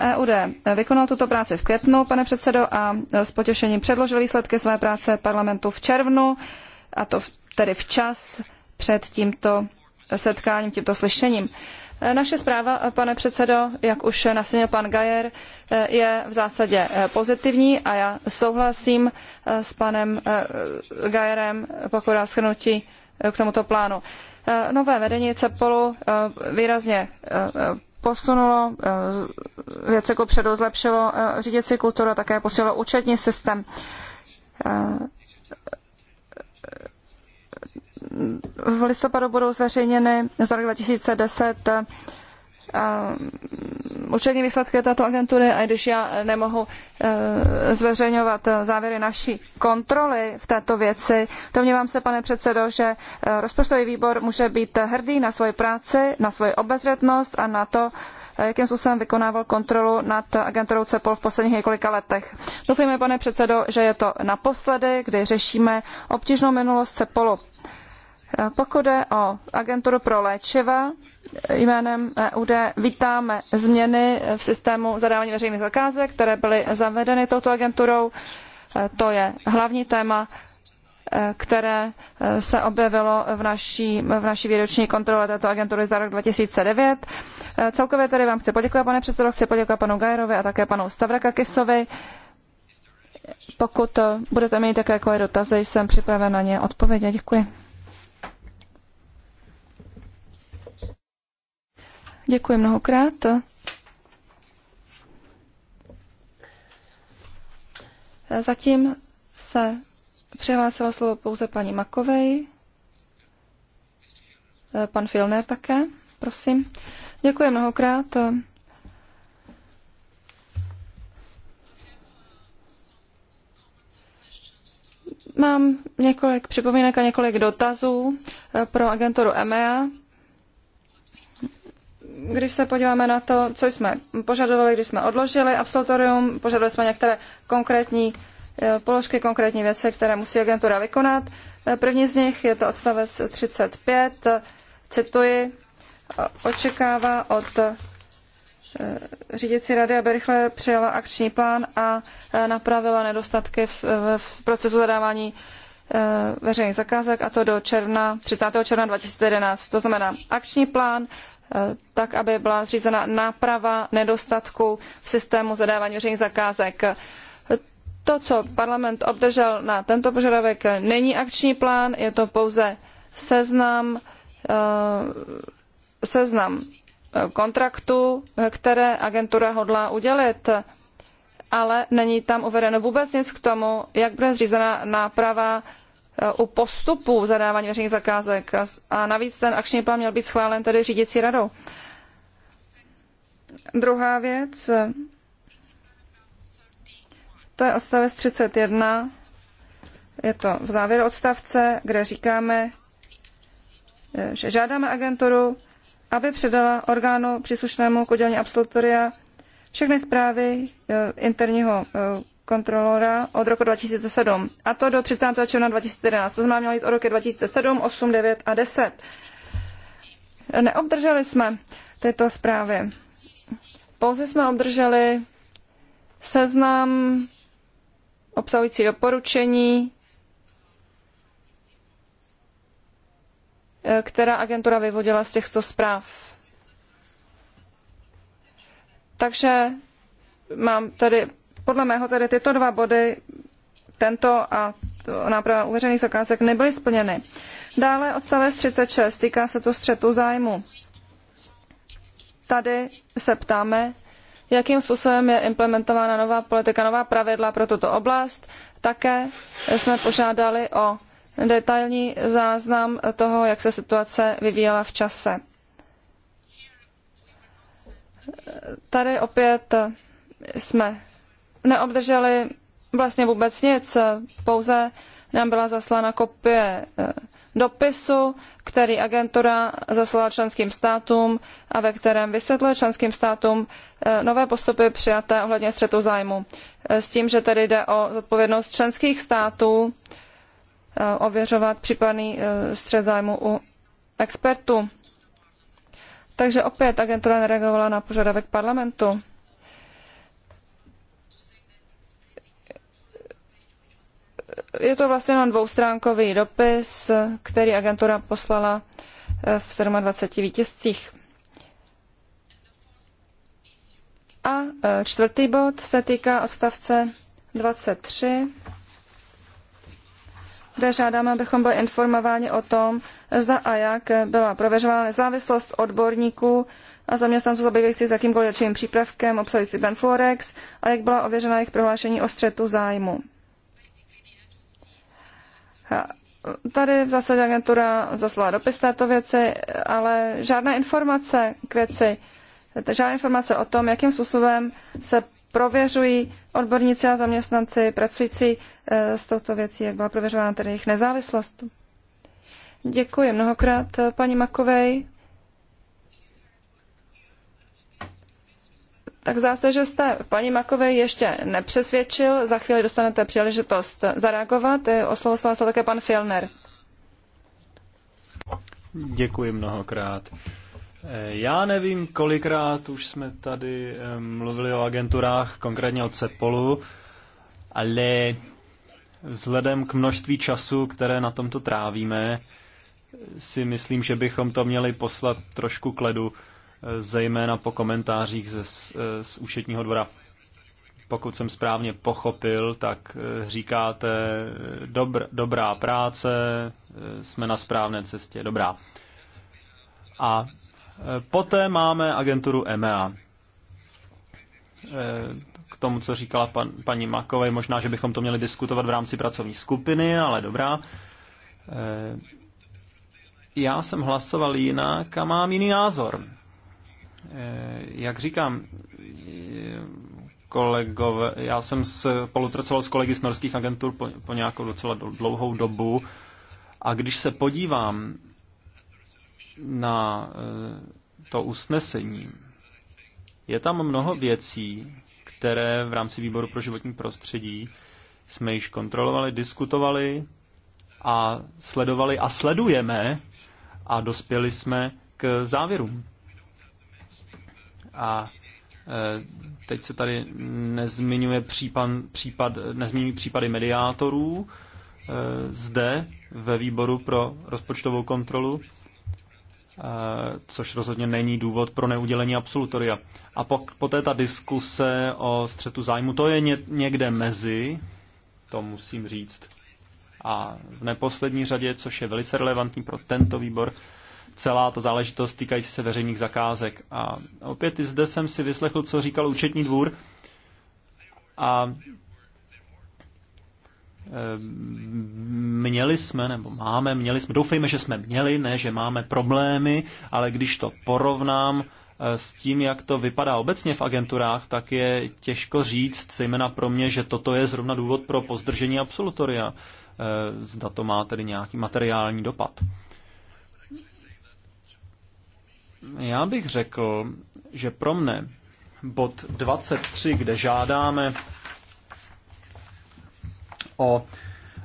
EUD e vykonal tuto práci v květnu, pane předsedo, a s potěšením předložil výsledky své práce parlamentu v červnu, a to tedy včas před tímto setkáním, tímto slyšením. Naše zpráva, pane předsedo, jak už nasinil pan Gajer, je v zásadě pozitivní a já souhlasím s panem eh, Gajerem, pokud dá shrnutí eh, k tomuto plánu. Eh, nové vedení CEPOLu výrazně posunulo věc jako předu, zlepšilo řídící kulturu a také posílilo účetní systém v listopadu budou zveřejněny za rok 2010 eh, účetní výsledky této agentury a když já nemohu eh, zveřejňovat eh, závěry naší kontroly v této věci, domnívám se, pane předsedo, že rozpočtový výbor může být hrdý na svoji práci, na svoji obezřetnost a na to, jakým způsobem vykonával kontrolu nad agenturou CEPOL v posledních několika letech. Doufejme, pane předsedo, že je to naposledy, kdy řešíme obtížnou minulost CEPOLu. Eh, pokud jde o agenturu pro léčiva, eh, jménem EUD vítáme změny eh, v systému zadávání veřejných zakázek, které byly zavedeny touto agenturou. To je hlavní téma, které se objevilo v naší, v naší výroční kontrole této agentury za rok 2009. Celkově tedy vám chci poděkovat, pane předsedo, chci poděkovat panu Gajerovi a také panu Stavrakakisovi. Pokud budete mít jakékoliv dotazy, jsem připraven na ně odpovědět. Děkuji. Děkuji mnohokrát. Zatím se přihlásilo slovo pouze paní Makovej, pan Filner také, prosím. Děkuji mnohokrát. Mám několik připomínek a několik dotazů pro agenturu EMEA když se podíváme na to, co jsme požadovali, když jsme odložili absolutorium, požadovali jsme některé konkrétní eh, položky, konkrétní věci, které musí agentura vykonat. Eh, první z nich je to odstavec 35, eh, cituji, očekává od řídící rady, aby rychle přijala akční plán a napravila nedostatky v, v procesu zadávání veřejných zakázek a to do června, 30. června 2011. To znamená akční plán, Eh, tak, aby byla zřízena náprava nedostatku v systému zadávání veřejných zakázek. To, co parlament obdržel na tento požadavek, není akční plán, je to pouze seznam, eh, seznam kontraktů, které agentura hodlá udělit, ale není tam uvedeno vůbec nic k tomu, jak bude zřízena náprava Eh, u postupu v zadávání veřejných zakázek. A navíc ten akční plán měl být schválen tedy řídící radou. Druhá věc, to je odstavec 31, je to v závěru odstavce, kde říkáme, eh, že žádáme agenturu, aby předala orgánu příslušnému k udělení absolutoria všechny zprávy eh, interního kontrolora od roku 2007. A to do 30. června 2011. To znamená, mělo jít o roky 2007, 8, 9 a 10. Neobdrželi jsme tyto zprávy. Pouze jsme obdrželi seznam obsahující doporučení, eh, která agentura vyvodila z těchto zpráv. Takže mám tady podle mého tedy tyto dva body, tento a náprava u zakázek, nebyly splněny. Dále odstavec 36 týká se to střetu zájmu. Tady se ptáme, jakým způsobem je implementována nová politika, nová pravidla pro tuto oblast. Také jsme požádali o detailní záznam toho, jak se situace vyvíjela v čase. Tady opět jsme neobdrželi vlastně vůbec nic, pouze nám byla zaslána kopie eh, dopisu, který agentura zaslala členským státům a ve kterém vysvětluje členským státům eh, nové postupy přijaté ohledně střetu zájmu. Eh, s tím, že tedy jde o zodpovědnost členských států ověřovat případný střet zájmu u expertů. Takže opět agentura nereagovala na požadavek parlamentu. Je to vlastně jenom dvoustránkový dopis, který agentura poslala eh, v 27 vítězcích. A eh, čtvrtý bod se týká odstavce 23, kde žádáme, abychom byli informováni o tom, zda a jak byla prověřována nezávislost odborníků a zaměstnanců zabývajících s jakýmkoliv léčivým přípravkem obsahující Benflorex a jak byla ověřena jejich prohlášení o střetu zájmu. Tady v zásadě agentura zaslala dopis této věci, ale žádné informace k věci, žádné informace o tom, jakým způsobem se prověřují odborníci a zaměstnanci pracující eh, s touto věcí, jak byla prověřována tedy jejich nezávislost. Děkuji mnohokrát eh, paní Makovej. tak zdá se, že jste paní Makové ještě nepřesvědčil. Za chvíli dostanete příležitost zareagovat. O slovo se také pan Filner. Děkuji mnohokrát. Já nevím, kolikrát už jsme tady mluvili o agenturách, konkrétně o Cepolu, ale vzhledem k množství času, které na tomto trávíme, si myslím, že bychom to měli poslat trošku k ledu zejména po komentářích ze, eh, z účetního dvora. Pokud jsem správně pochopil, tak eh, říkáte dobr, dobrá práce, eh, jsme na správné cestě, dobrá. A poté máme agenturu EMEA. K tomu, co říkala pan, paní Makovej, možná, že bychom to měli diskutovat v rámci pracovní skupiny, ale dobrá. Já jsem hlasoval jinak a mám jiný názor. Eh, jak říkám, kolegové, já jsem spolupracoval s kolegy z norských agentur po, po nějakou docela dlouhou dobu a když se podívám na eh, to usnesení, je tam mnoho věcí, které v rámci výboru pro životní prostředí jsme již kontrolovali, diskutovali a sledovali a sledujeme a dospěli jsme k závěrům. A e, teď se tady nezmiňuje případ, případ, nezmiňují případy mediátorů e, zde ve výboru pro rozpočtovou kontrolu, e, což rozhodně není důvod pro neudělení absolutoria. A poté ta diskuse o střetu zájmu, to je někde mezi, to musím říct. A v neposlední řadě, což je velice relevantní pro tento výbor, celá ta záležitost týkající se veřejných zakázek. A opět i zde jsem si vyslechl, co říkal účetní dvůr. A eh, měli jsme, nebo máme, měli jsme, doufejme, že jsme měli, ne, že máme problémy, ale když to porovnám eh, s tím, jak to vypadá obecně v agenturách, tak je těžko říct, zejména pro mě, že toto je zrovna důvod pro pozdržení absolutoria. Eh, zda to má tedy nějaký materiální dopad. Já bych řekl, že pro mne bod 23, kde žádáme o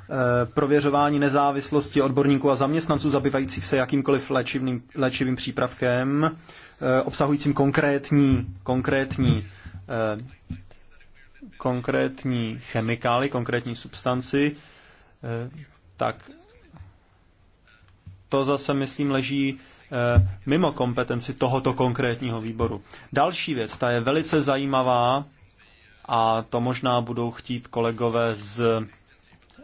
e, prověřování nezávislosti odborníků a zaměstnanců zabývajících se jakýmkoliv léčivným, léčivým přípravkem, e, obsahujícím konkrétní, konkrétní, e, konkrétní chemikály, konkrétní substanci, tak to zase, myslím, leží Eh, mimo kompetenci tohoto konkrétního výboru. Další věc, ta je velice zajímavá a to možná budou chtít kolegové z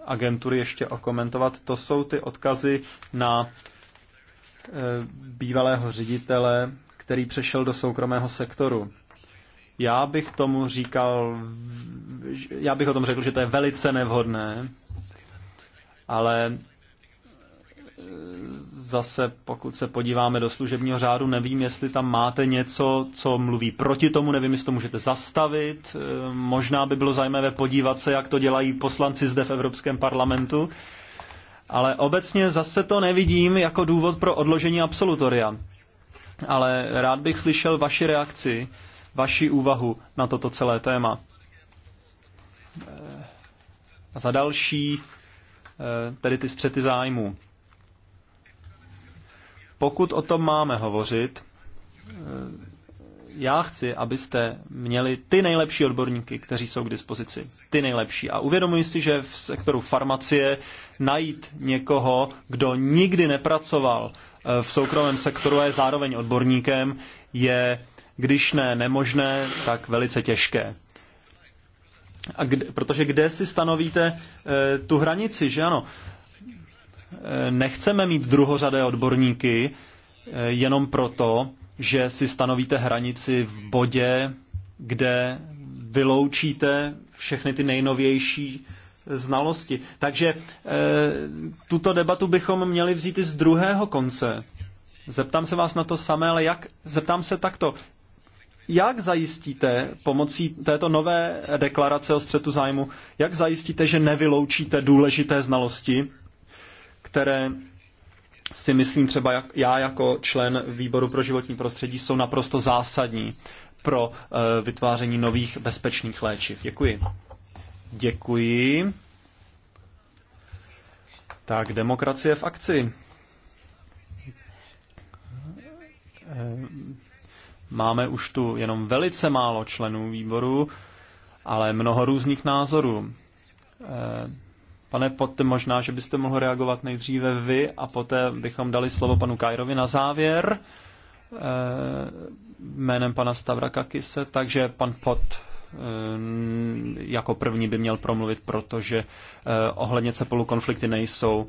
agentury ještě okomentovat. To jsou ty odkazy na eh, bývalého ředitele, který přešel do soukromého sektoru. Já bych tomu říkal, já bych o tom řekl, že to je velice nevhodné, ale eh, zase, pokud se podíváme do služebního řádu, nevím, jestli tam máte něco, co mluví proti tomu, nevím, jestli to můžete zastavit. Eh, možná by bylo zajímavé podívat se, jak to dělají poslanci zde v Evropském parlamentu. Ale obecně zase to nevidím jako důvod pro odložení absolutoria. Ale rád bych slyšel vaši reakci, vaši úvahu na toto celé téma. Eh, a za další, eh, tedy ty střety zájmů. Pokud o tom máme hovořit, eh, já chci, abyste měli ty nejlepší odborníky, kteří jsou k dispozici. Ty nejlepší. A uvědomuji si, že v sektoru farmacie najít někoho, kdo nikdy nepracoval eh, v soukromém sektoru a je zároveň odborníkem, je, když ne nemožné, tak velice těžké. A kde, protože kde si stanovíte e, tu hranici, že ano? E, nechceme mít druhořadé odborníky eh, jenom proto, že si stanovíte hranici v bodě, kde vyloučíte všechny ty nejnovější znalosti. Takže e, tuto debatu bychom měli vzít i z druhého konce. Zeptám se vás na to samé, ale jak, zeptám se takto. Jak zajistíte pomocí této nové deklarace o střetu zájmu, jak zajistíte, že nevyloučíte důležité znalosti, které si myslím třeba jak, já jako člen výboru pro životní prostředí jsou naprosto zásadní pro eh, vytváření nových bezpečných léčiv. Děkuji. Děkuji. Tak, demokracie v akci. Eh, máme už tu jenom velice málo členů výboru, ale mnoho různých názorů. Eh, Pane Pot, možná, že byste mohl reagovat nejdříve vy a poté bychom dali slovo panu Kajrovi na závěr eh, jménem pana Stavrakakise, takže pan Pot eh, jako první by měl promluvit, protože eh, ohledně cepolu konflikty nejsou.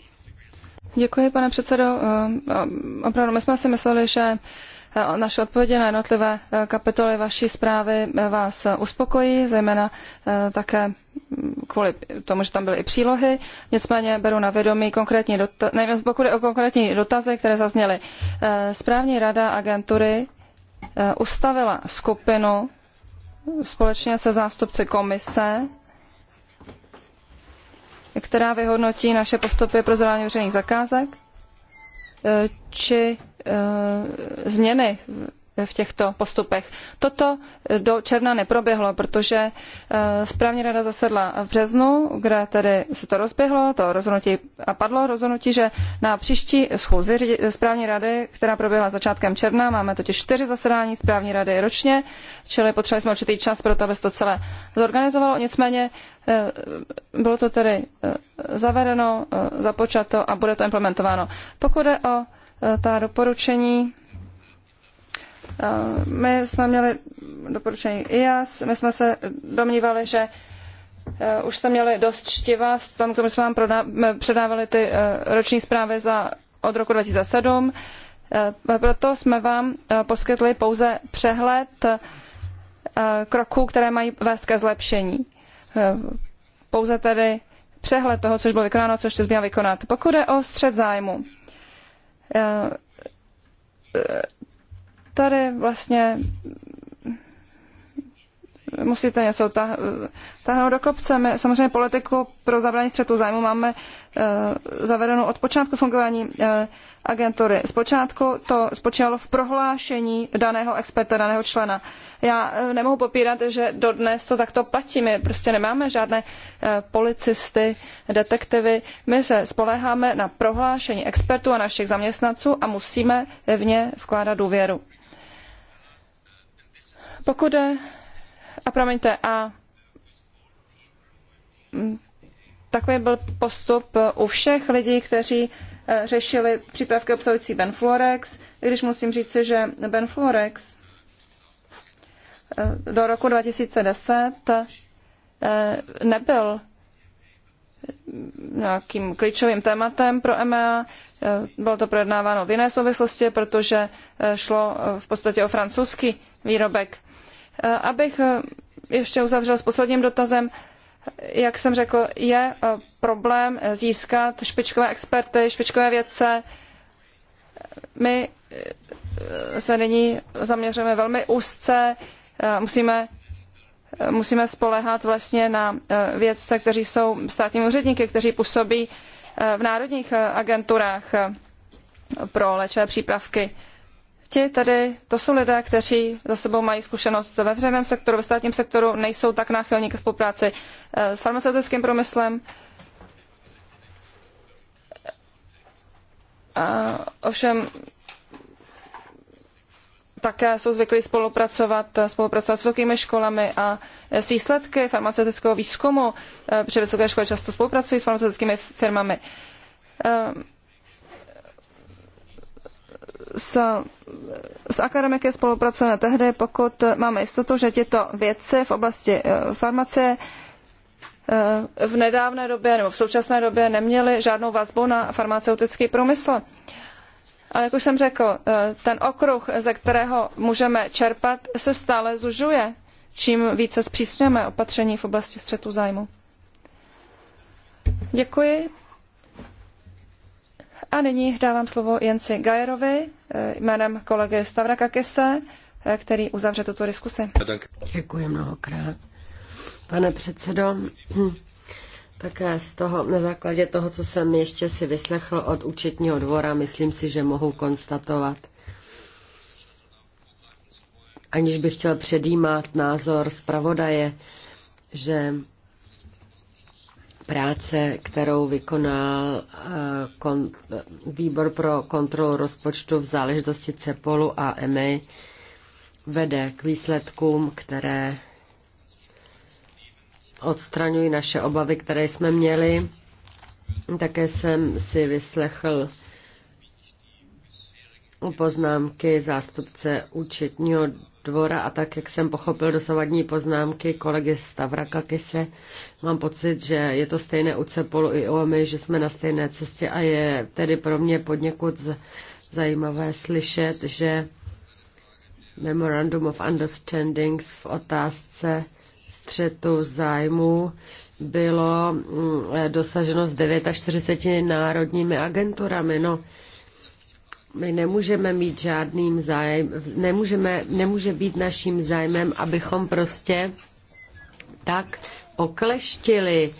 Děkuji, pane předsedo. Opravdu, my jsme si mysleli, že Eh, naše odpovědi na jednotlivé eh, kapitoly vaší zprávy eh, vás uspokojí, zejména také kvůli tomu, že tam byly i přílohy. Nicméně beru na vědomí konkrétní dotazy, nevím, pokud o konkrétní dotazy, které zazněly. Správní rada agentury ustavila skupinu společně se zástupci komise, která vyhodnotí naše postupy pro zadání veřejných zakázek, či Eh, změny v těchto postupech. Toto do června neproběhlo, protože eh, správní rada zasedla v březnu, kde tedy se to rozběhlo, to rozhodnutí a padlo rozhodnutí, že na příští schůzi správní rady, která proběhla začátkem června, máme totiž čtyři zasedání správní rady ročně, čili potřebovali jsme určitý čas pro to, aby se to celé zorganizovalo. Nicméně eh, bylo to tedy zavedeno, započato a bude to implementováno. Pokud je o Eh, ta doporučení. Eh, my jsme měli doporučení IAS, my jsme se domnívali, že eh, už jsme měli dost čtiva, tam k tomu jsme vám předávali ty roční zprávy za, od roku 2007. Proto jsme vám poskytli pouze přehled kroků, které mají vést ke zlepšení. Pouze tedy přehled toho, což bylo vykonáno, což se zbývá vykonat. Pokud je o střed zájmu, Eh, tady vlastně musíte něco tah, tahnout do kopce. My samozřejmě politiku pro zabrání střetu zájmu máme eh, zavedenou od počátku fungování eh, agentury. Zpočátku to spočívalo v prohlášení daného experta, daného člena. Já eh, nemohu popírat, že dodnes to takto platí. My prostě nemáme žádné eh, policisty, detektivy. My se spoléháme na prohlášení expertů a našich zaměstnanců a musíme v ně vkládat důvěru. Pokud jde, a promiňte, a mm, takový byl postup u všech lidí, kteří Eh, řešili přípravky obsahující Benfluorex, i když musím říct, že Benfluorex eh, do roku 2010 eh, nebyl nějakým klíčovým tématem pro EMEA. Bylo to projednáváno v jiné souvislosti, protože šlo v podstatě o francouzský výrobek. Abych ještě uzavřel s posledním dotazem, jak jsem řekl, je eh, problém získat špičkové experty, špičkové vědce. My eh, se nyní zaměřujeme velmi úzce, eh, musíme, musíme spolehat vlastně na vědce, kteří jsou státními úředníky, kteří působí v národních agenturách pro léčivé přípravky. Ti tedy, to jsou lidé, kteří za sebou mají zkušenost ve veřejném sektoru, ve státním sektoru, nejsou tak náchylní ke spolupráci eh, s farmaceutickým průmyslem. A ovšem také jsou zvyklí spolupracovat, spolupracovat s velkými školami a s výsledky farmaceutického výzkumu, eh, protože vysoké školy často spolupracují s farmaceutickými firmami. Ehm, s, s akademiky spolupracujeme tehdy, pokud máme jistotu, že tyto věci v oblasti eh, farmacie eh, v nedávné době nebo v současné době neměly žádnou vazbu na farmaceutický průmysl. Ale jak už jsem řekl, eh, ten okruh, ze kterého můžeme čerpat, se stále zužuje, čím více zpřísňujeme opatření v oblasti střetu zájmu. Děkuji. A nyní dávám slovo Jenci Gajerovi eh, jménem kolegy Stavra Kakise, eh, který uzavře tuto diskusi. Děkuji mnohokrát. Pane předsedo, také z toho, na základě toho, co jsem ještě si vyslechl od účetního dvora, myslím si, že mohu konstatovat, aniž bych chtěl předjímat názor zpravodaje, že práce, kterou vykonal eh, kon, výbor pro kontrolu rozpočtu v záležitosti CEPOLu a EMI, vede k výsledkům, které odstraňují naše obavy, které jsme měli. Také jsem si vyslechl poznámky zástupce účetního dvora a tak, jak jsem pochopil dosavadní poznámky kolegy Stavrakakise, mám pocit, že je to stejné u Cepolu i u my, že jsme na stejné cestě a je tedy pro mě podněkud zajímavé slyšet, že Memorandum of Understandings v otázce střetu zájmů bylo mm, dosaženo s 49 národními agenturami. No, my nemůžeme mít žádným zájem, nemůžeme, nemůže být naším zájmem, abychom prostě tak okleštili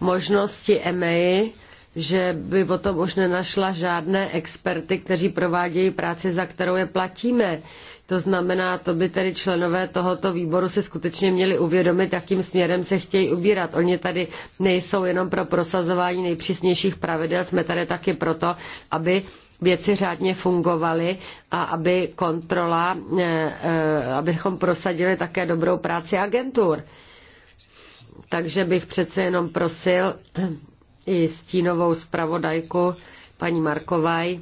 možnosti EMEI, že by tom už nenašla žádné experty, kteří provádějí práci, za kterou je platíme. To znamená, to by tedy členové tohoto výboru si skutečně měli uvědomit, jakým směrem se chtějí ubírat. Oni tady nejsou jenom pro prosazování nejpřísnějších pravidel, jsme tady taky proto, aby věci řádně fungovaly a aby kontrola, eh, eh, abychom prosadili také dobrou práci agentur. Takže bych přece jenom prosil i stínovou zpravodajku paní Markovaj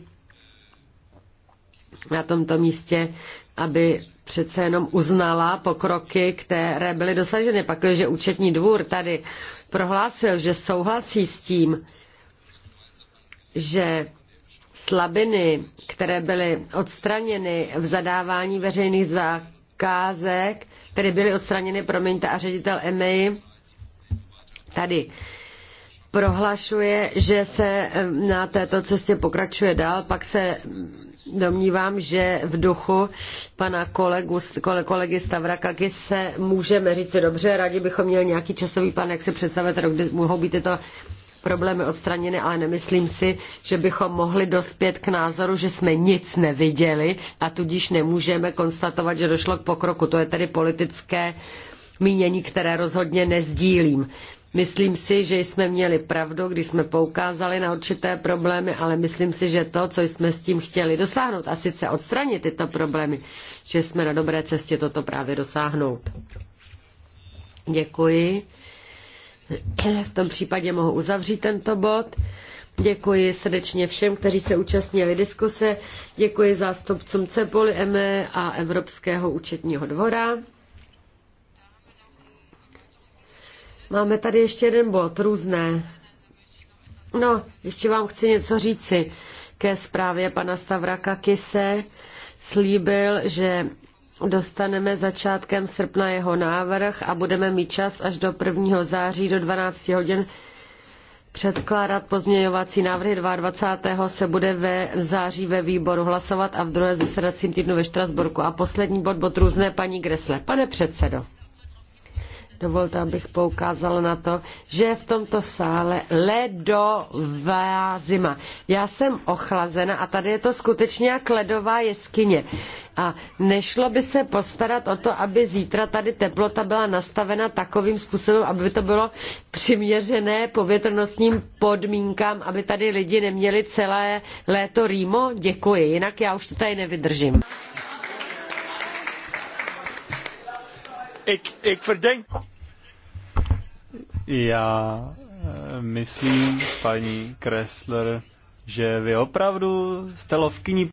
na tomto místě, aby přece jenom uznala pokroky, které byly dosaženy. Pak, že účetní dvůr tady prohlásil, že souhlasí s tím, že slabiny, které byly odstraněny v zadávání veřejných zakázek, které byly odstraněny, promiňte, a ředitel EMEI tady prohlašuje, že se eh, na této cestě pokračuje dál, pak se domnívám, že v duchu pana kolegu, kolegy Stavrakaky se můžeme říct dobře, rádi bychom měli nějaký časový plán, jak si představit, kdy mohou být tyto problémy odstraněny, ale nemyslím si, že bychom mohli dospět k názoru, že jsme nic neviděli a tudíž nemůžeme konstatovat, že došlo k pokroku. To je tedy politické mínění, které rozhodně nezdílím. Myslím si, že jsme měli pravdu, když jsme poukázali na určité problémy, ale myslím si, že to, co jsme s tím chtěli dosáhnout, a sice odstranit tyto problémy, že jsme na dobré cestě toto právě dosáhnout. Děkuji. V tom případě mohu uzavřít tento bod. Děkuji srdečně všem, kteří se účastnili diskuse. Děkuji zástupcům CEPOLI, EME e a Evropského účetního dvora. Máme tady ještě jeden bod, různé. No, ještě vám chci něco říci ke zprávě pana Stavraka Kise. Slíbil, že Dostaneme začátkem srpna jeho návrh a budeme mít čas až do 1. září do 12 hodin předkládat pozměňovací návrhy. 22. se bude ve v září ve výboru hlasovat a v druhé zasedacím týdnu ve Štrasburku. A poslední bod, bod různé paní Gresle. Pane předsedo. Dovolte, abych poukázala na to, že je v tomto sále ledová zima. Já jsem ochlazena a tady je to skutečně jak ledová jeskyně. A nešlo by se postarat o to, aby zítra tady teplota byla nastavena takovým způsobem, aby to bylo přiměřené povětrnostním podmínkám, aby tady lidi neměli celé léto rýmo? Děkuji, jinak já už to tady nevydržím. ik, ik verdenk... Já eh, myslím, paní Kressler, že vy opravdu jste lovkyní